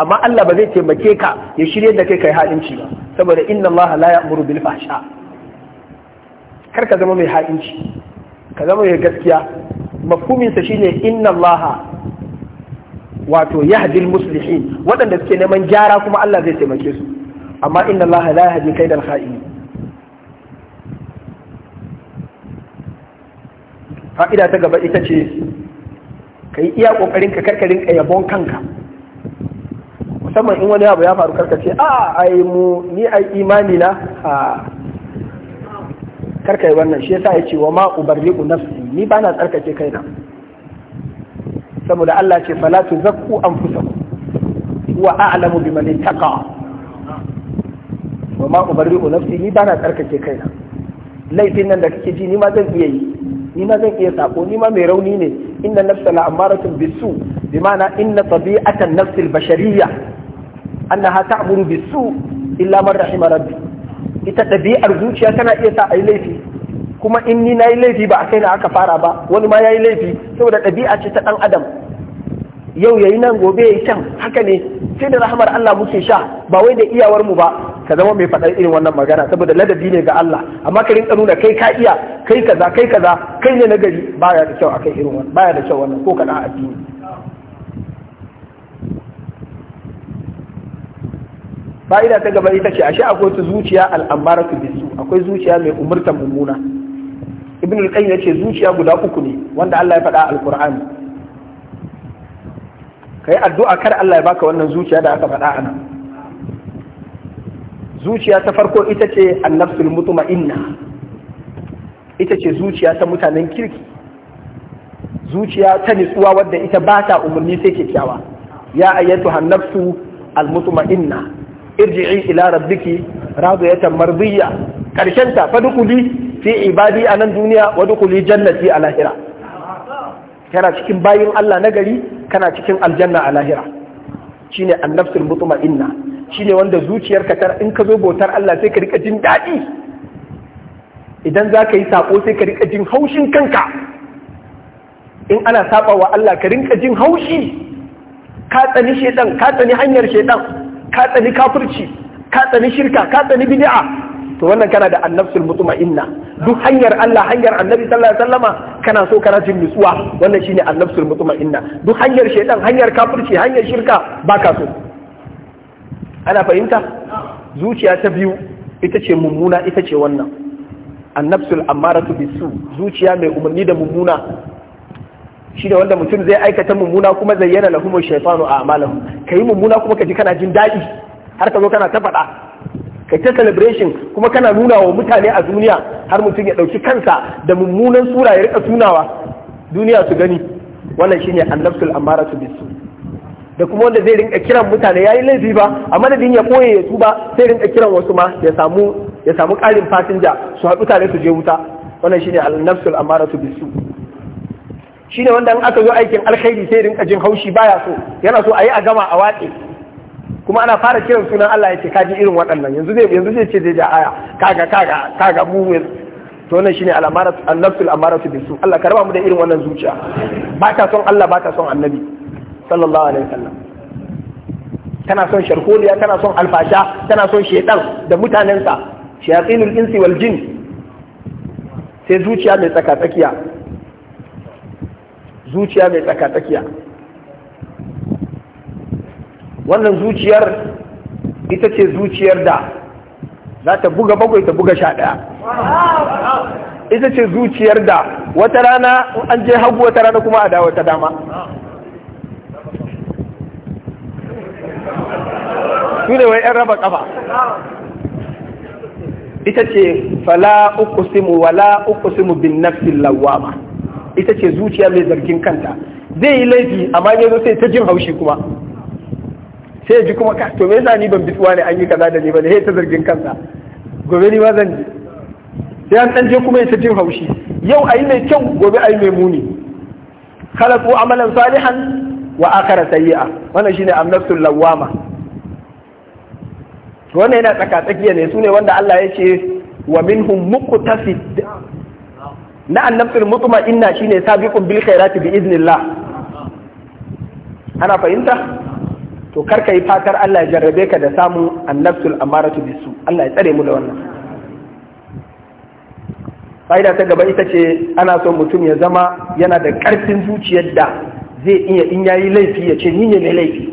amma Allah ba zai taimake ka ya shirye da kai kai ha'inci ba saboda inna Allah la ya'muru bil fahsha kar ka zama mai ha'inci ka zama mai gaskiya mafhumin sa shine inna Allah wato yahdil muslihin waɗanda suke neman gyara kuma Allah zai taimake su amma inna Allah la yahdi kaidal kha'in fa'ida ta gaba ita ce ka yi iya kokarin ka karkarin ka yabon kanka musamman in wani abu ya faru karkace a ai mu ni ai imani na a karkai wannan shi yasa ce wa ma ubarriqu nafsi ni ba na tsarkake kaina saboda Allah ce fala tuzakku anfusakum wa a'lamu biman ittaqa wa ma ubarriqu nafsi ni ba na tsarkake kaina laifin nan da kake ji ni ma zan iya yi ni ma zan iya sako ni ma mai rauni ne inna nafsa la amaratun bisu bi ma'ana inna tabi'atan nafsi al-bashariyya annaha ta'muru bisu illa man rahima rabbi ita ɗabi'ar zuciya tana iya sa ayi laifi kuma in ni nayi laifi ba a kai na aka fara ba wani ma yayi laifi saboda ɗabi'a ce ta ɗan adam yau yayi nan gobe yayi can haka ne sai da rahmar Allah muke sha ba wai da iyawar mu ba ka zama mai faɗar irin wannan magana saboda ladabi ne ga Allah amma ka rinka nuna kai ka iya kai kaza kai kaza kai ne na gari baya da kyau akan irin wannan baya da kyau wannan ko kaɗan addini fa'ida ta gaba ita ce ashe akwai ta zuciya al'ambaratu bisu akwai zuciya mai umurta mummuna ibn al-qayyim yace zuciya guda uku ne wanda Allah ya faɗa a alqur'ani kai addu'a kar Allah ya baka wannan zuciya da aka faɗa a nan zuciya ta farko ita ce annafsul mutuma'inna ita ce zuciya ta mutanen kirki zuciya ta nitsuwa wadda ita ba ta umarni sai kyakkyawa ya ayyatu hannafsu almutuma'inna irji'i ila rabbiki radiyatan mardiya karshen ta fa fi ibadi a nan duniya wa dukuli jannati a lahira kana cikin bayin Allah na gari kana cikin aljanna a lahira shine annafsul mutuma'inna Shi ne wanda zuciyarka tar in ka zo bautar Allah sai ka rika jin daɗi idan za ka yi saƙo sai ka rika jin haushin kanka in ana saɓa wa Allah ka rinka jin haushi ka tsani shedan ka tsani hanyar shedan ka tsani kafirci ka tsani shirka ka tsani bid'a to wannan kana da annabsul mutma'inna duk hanyar Allah hanyar annabi sallallahu alaihi wasallama kana so kana jin nutsuwa wannan shine annabsul mutma'inna duk hanyar shedan hanyar kafirci hanyar shirka baka so ana fahimta zuciya ta biyu ita ce mummuna ita ce wannan annabsul ammaratu bisu zuciya mai umarni da mummuna shi da wanda mutum zai aikata mummuna kuma zayyana a amalan ka yi mummuna kuma kaji kana jin daɗi har ka zo kana ta faɗa ka ta celebration kuma kana nuna wa mutane a duniya har mutum ya ɗauki kansa da mummunan sura ya rika tunawa duniya su gani wannan shine annabsul amaratu bisu da kuma wanda zai rinka kiran mutane yayi laifi ba a madadin ya koye ya tuba sai rinka kiran wasu ma ya samu ya samu karin fasinja su haɗu tare su je wuta wannan shine al-nafsul amaratu bisu shine wanda in aka zo aikin alkhairi sai rinka jin haushi baya so yana so ayi a gama a watse kuma ana fara kiran sunan Allah ya ce kaji irin waɗannan yanzu zai yanzu zai ce zai da aya kaga kaga kaga mu to wannan shine al-amaratu an-nafsul amaratu bisu Allah ka raba mu da irin wannan zuciya ba ta son Allah ba ta son annabi sallallahu alaihi wasallam kana son sharhuliya kana son alfasha kana son shedan da mutanensa shayatinul insi wal jin sai zuciya mai tsaka tsakiya zuciya mai tsaka tsakiya wannan zuciyar ita ce zuciyar da za ta buga bakwai ta buga sha ɗaya ita ce zuciyar da wata rana an je hagu wata rana kuma a dawo ta dama su ne wai 'yan raba kafa ita ce fala uku simu wala uku simu bin nafsil lawama ita ce zuciya mai zargin kanta zai yi laifi amma ya zo sai ta jin haushi kuma sai ji kuma to me yasa ni ban bituwa ne an yi kaza da ni ba ne ta zargin kanta gobe ni ma zan ji sai an dan je kuma ya ta jin haushi yau ayi mai kyau gobe ayi mai muni khalaqu amalan salihan wa akhara sayyi'a wannan shine amnatul lawama to wannan yana tsaka tsakiya ne sune wanda Allah ya ce wa minhum muqtasid na annabtul mutuma inna shine sabiqun bil khairati bi iznillah ana fahimta to karka yi fatar Allah ya jarrabe ka da samun annabtul amaratu bisu Allah ya tsare mu da wannan fa'ida ta gaba ita ce ana so mutum ya zama yana da ƙarfin zuciyar da zai iya in yayi laifi ya ce ni ne mai laifi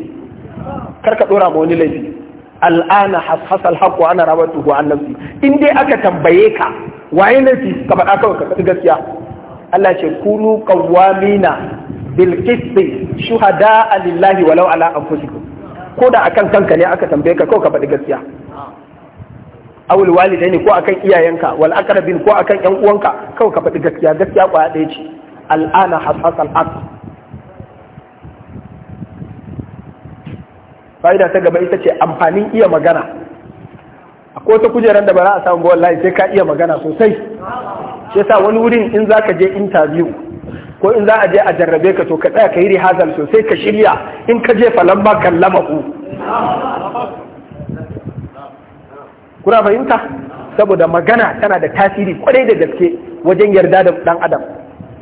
karka dora ma wani laifi al'ana hasal haqqu ana rawatuhu an nafsi in dai aka tambaye ka waye nafsi ka faɗa kawai ka gaskiya Allah ce kunu qawwamina bil qisti shuhada lillahi walau ala anfusikum ko da akan kanka ne aka tambaye ka kawai ka faɗi gaskiya awul walidaini ko akan iyayenka wal aqrabin ko akan yan uwanka kawai ka faɗi gaskiya gaskiya kwaya ɗaya ce al'ana hasal haqqu fa'ida ta gaba ita ce amfanin iya magana akwai wata kujerar da ba za a samu wallahi sai ka iya magana sosai shi yasa wani wurin in za ka je interview ko in za a je a jarrabe ka to ka tsaya ka yi rihazal sosai ka shirya in ka je falan ba kallama ku kuna fahimta saboda magana tana da tasiri kwarai da gaske wajen yarda da dan adam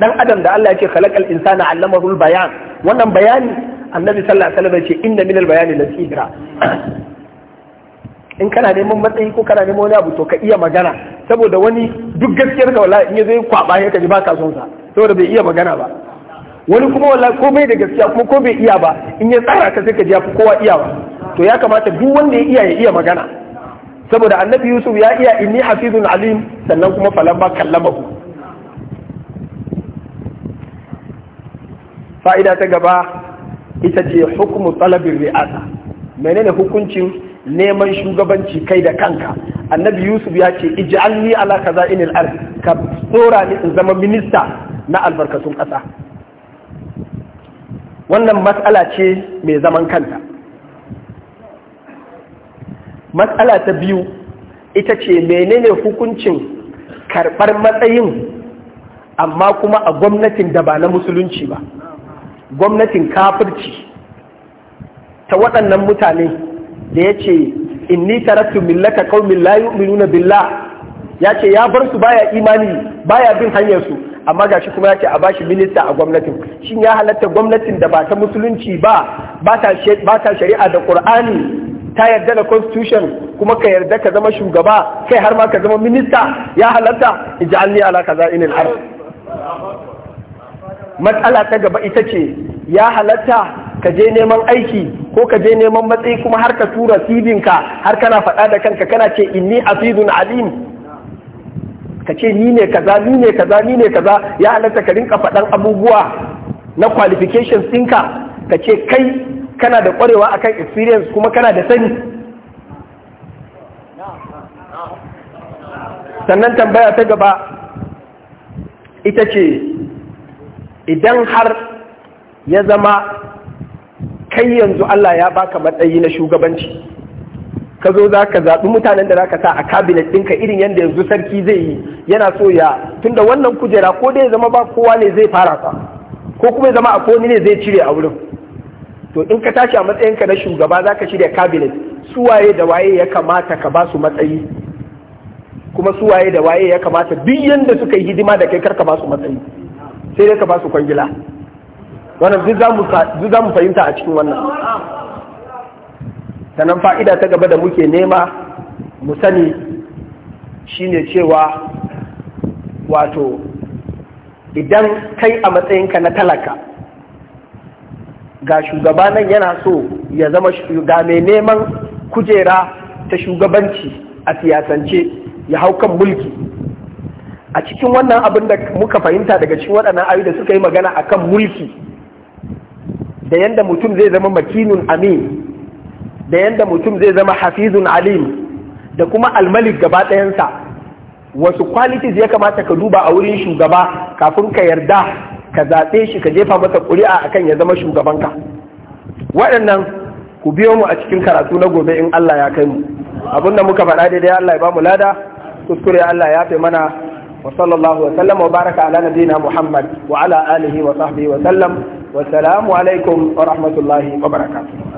dan adam da Allah ya ce khalaqal insana allamahu bayan wannan bayani annabi sallallahu alaihi wasallam ya ce inna minal bayani lasibra in kana neman matsayi ko kana neman wani abu to ka iya magana saboda wani duk gaskiyar ka wallahi in ya kwaba ya kaji baka son sa saboda bai iya magana ba wani kuma wallahi ko bai da gaskiya kuma ko bai iya ba in ya tsara ka sai ka ji ya fi kowa ba, to ya kamata duk wanda ya iya ya iya magana saboda annabi yusuf ya iya inni hafizun alim sannan kuma falamma kallamahu fa'ida ta gaba ita ce hukumu talabin ri'asa menene hukuncin neman shugabanci kai da kanka annabi yusuf ya ce ij'alni ala kaza'inil ard ka tsora ni in zama minista na albarkatun ƙasa wannan matsala ce mai zaman kanta matsala ta biyu ita ce menene hukuncin karɓar matsayin amma kuma a gwamnatin da ba na musulunci ba gwamnatin kafirci ta waɗannan mutane da ya ce inni tarattu millata qaumin la yu'minuna billah ya ce ya bar su baya imani baya bin hanyar su amma gashi kuma ya ce a bashi minista a gwamnatin shin ya halatta gwamnatin da ba ta musulunci ba ba ta shari'a da qur'ani ta yarda da constitution kuma ka yarda ka zama shugaba kai har ma ka zama minista ya halatta ij'alni ala kaza inil ard matsala ta gaba ita ce ya halatta ka je neman aiki ko ka je neman matsayi kuma har ka tura sibinka har kana faɗa da kanka kana ce inni afidun alim ka ce ni ne kaza ni ne kaza ni ne kaza ya halatta ka rinka faɗan abubuwa na qualifications ɗinka ka ce kai kana da ƙwarewa akan experience kuma kana da sani sannan tambaya ta gaba ita ce idan har ya zama kai yanzu Allah ya baka matsayi na shugabanci ka zo za ka zaɓi mutanen da za ka sa a kabinet ɗinka irin yadda yanzu sarki zai yi yana so ya tunda wannan kujera ko dai zama ba kowa ne zai fara ka ko kuma zama a koni ne zai cire a wurin to in ka tashi a matsayinka na shugaba za ka shirya kabinet suwaye da waye ya kamata ka ba su matsayi kuma suwaye da waye ya kamata duk yadda suka yi hidima da kai ka ba su matsayi sai dai ka ba su kwangila wannan duk za mu fahimta a cikin wannan nan fa'ida ta gaba da muke nema mu sani ne cewa wato idan kai a matsayinka na talaka ga shugaba yana so ya zama ga mai neman kujera ta shugabanci a siyasance ya hau kan mulki a cikin wannan abin da muka fahimta daga cikin waɗannan ayu da suka yi magana kan mulki da yadda mutum zai zama makinun amin da yadda mutum zai zama hafizun alim da kuma almalik gaba ɗayansa wasu qualities ya kamata ka duba a wurin shugaba kafin ka yarda ka zaɓe shi ka jefa masa ƙuri'a akan ya zama shugabanka waɗannan ku biyo mu a cikin karatu na gobe in Allah ya kai mu abinda muka faɗa daidai Allah ya ba mu lada kuskure Allah ya fi mana وصلى الله وسلم وبارك على نبينا محمد وعلى آله وصحبه وسلم والسلام عليكم ورحمة الله وبركاته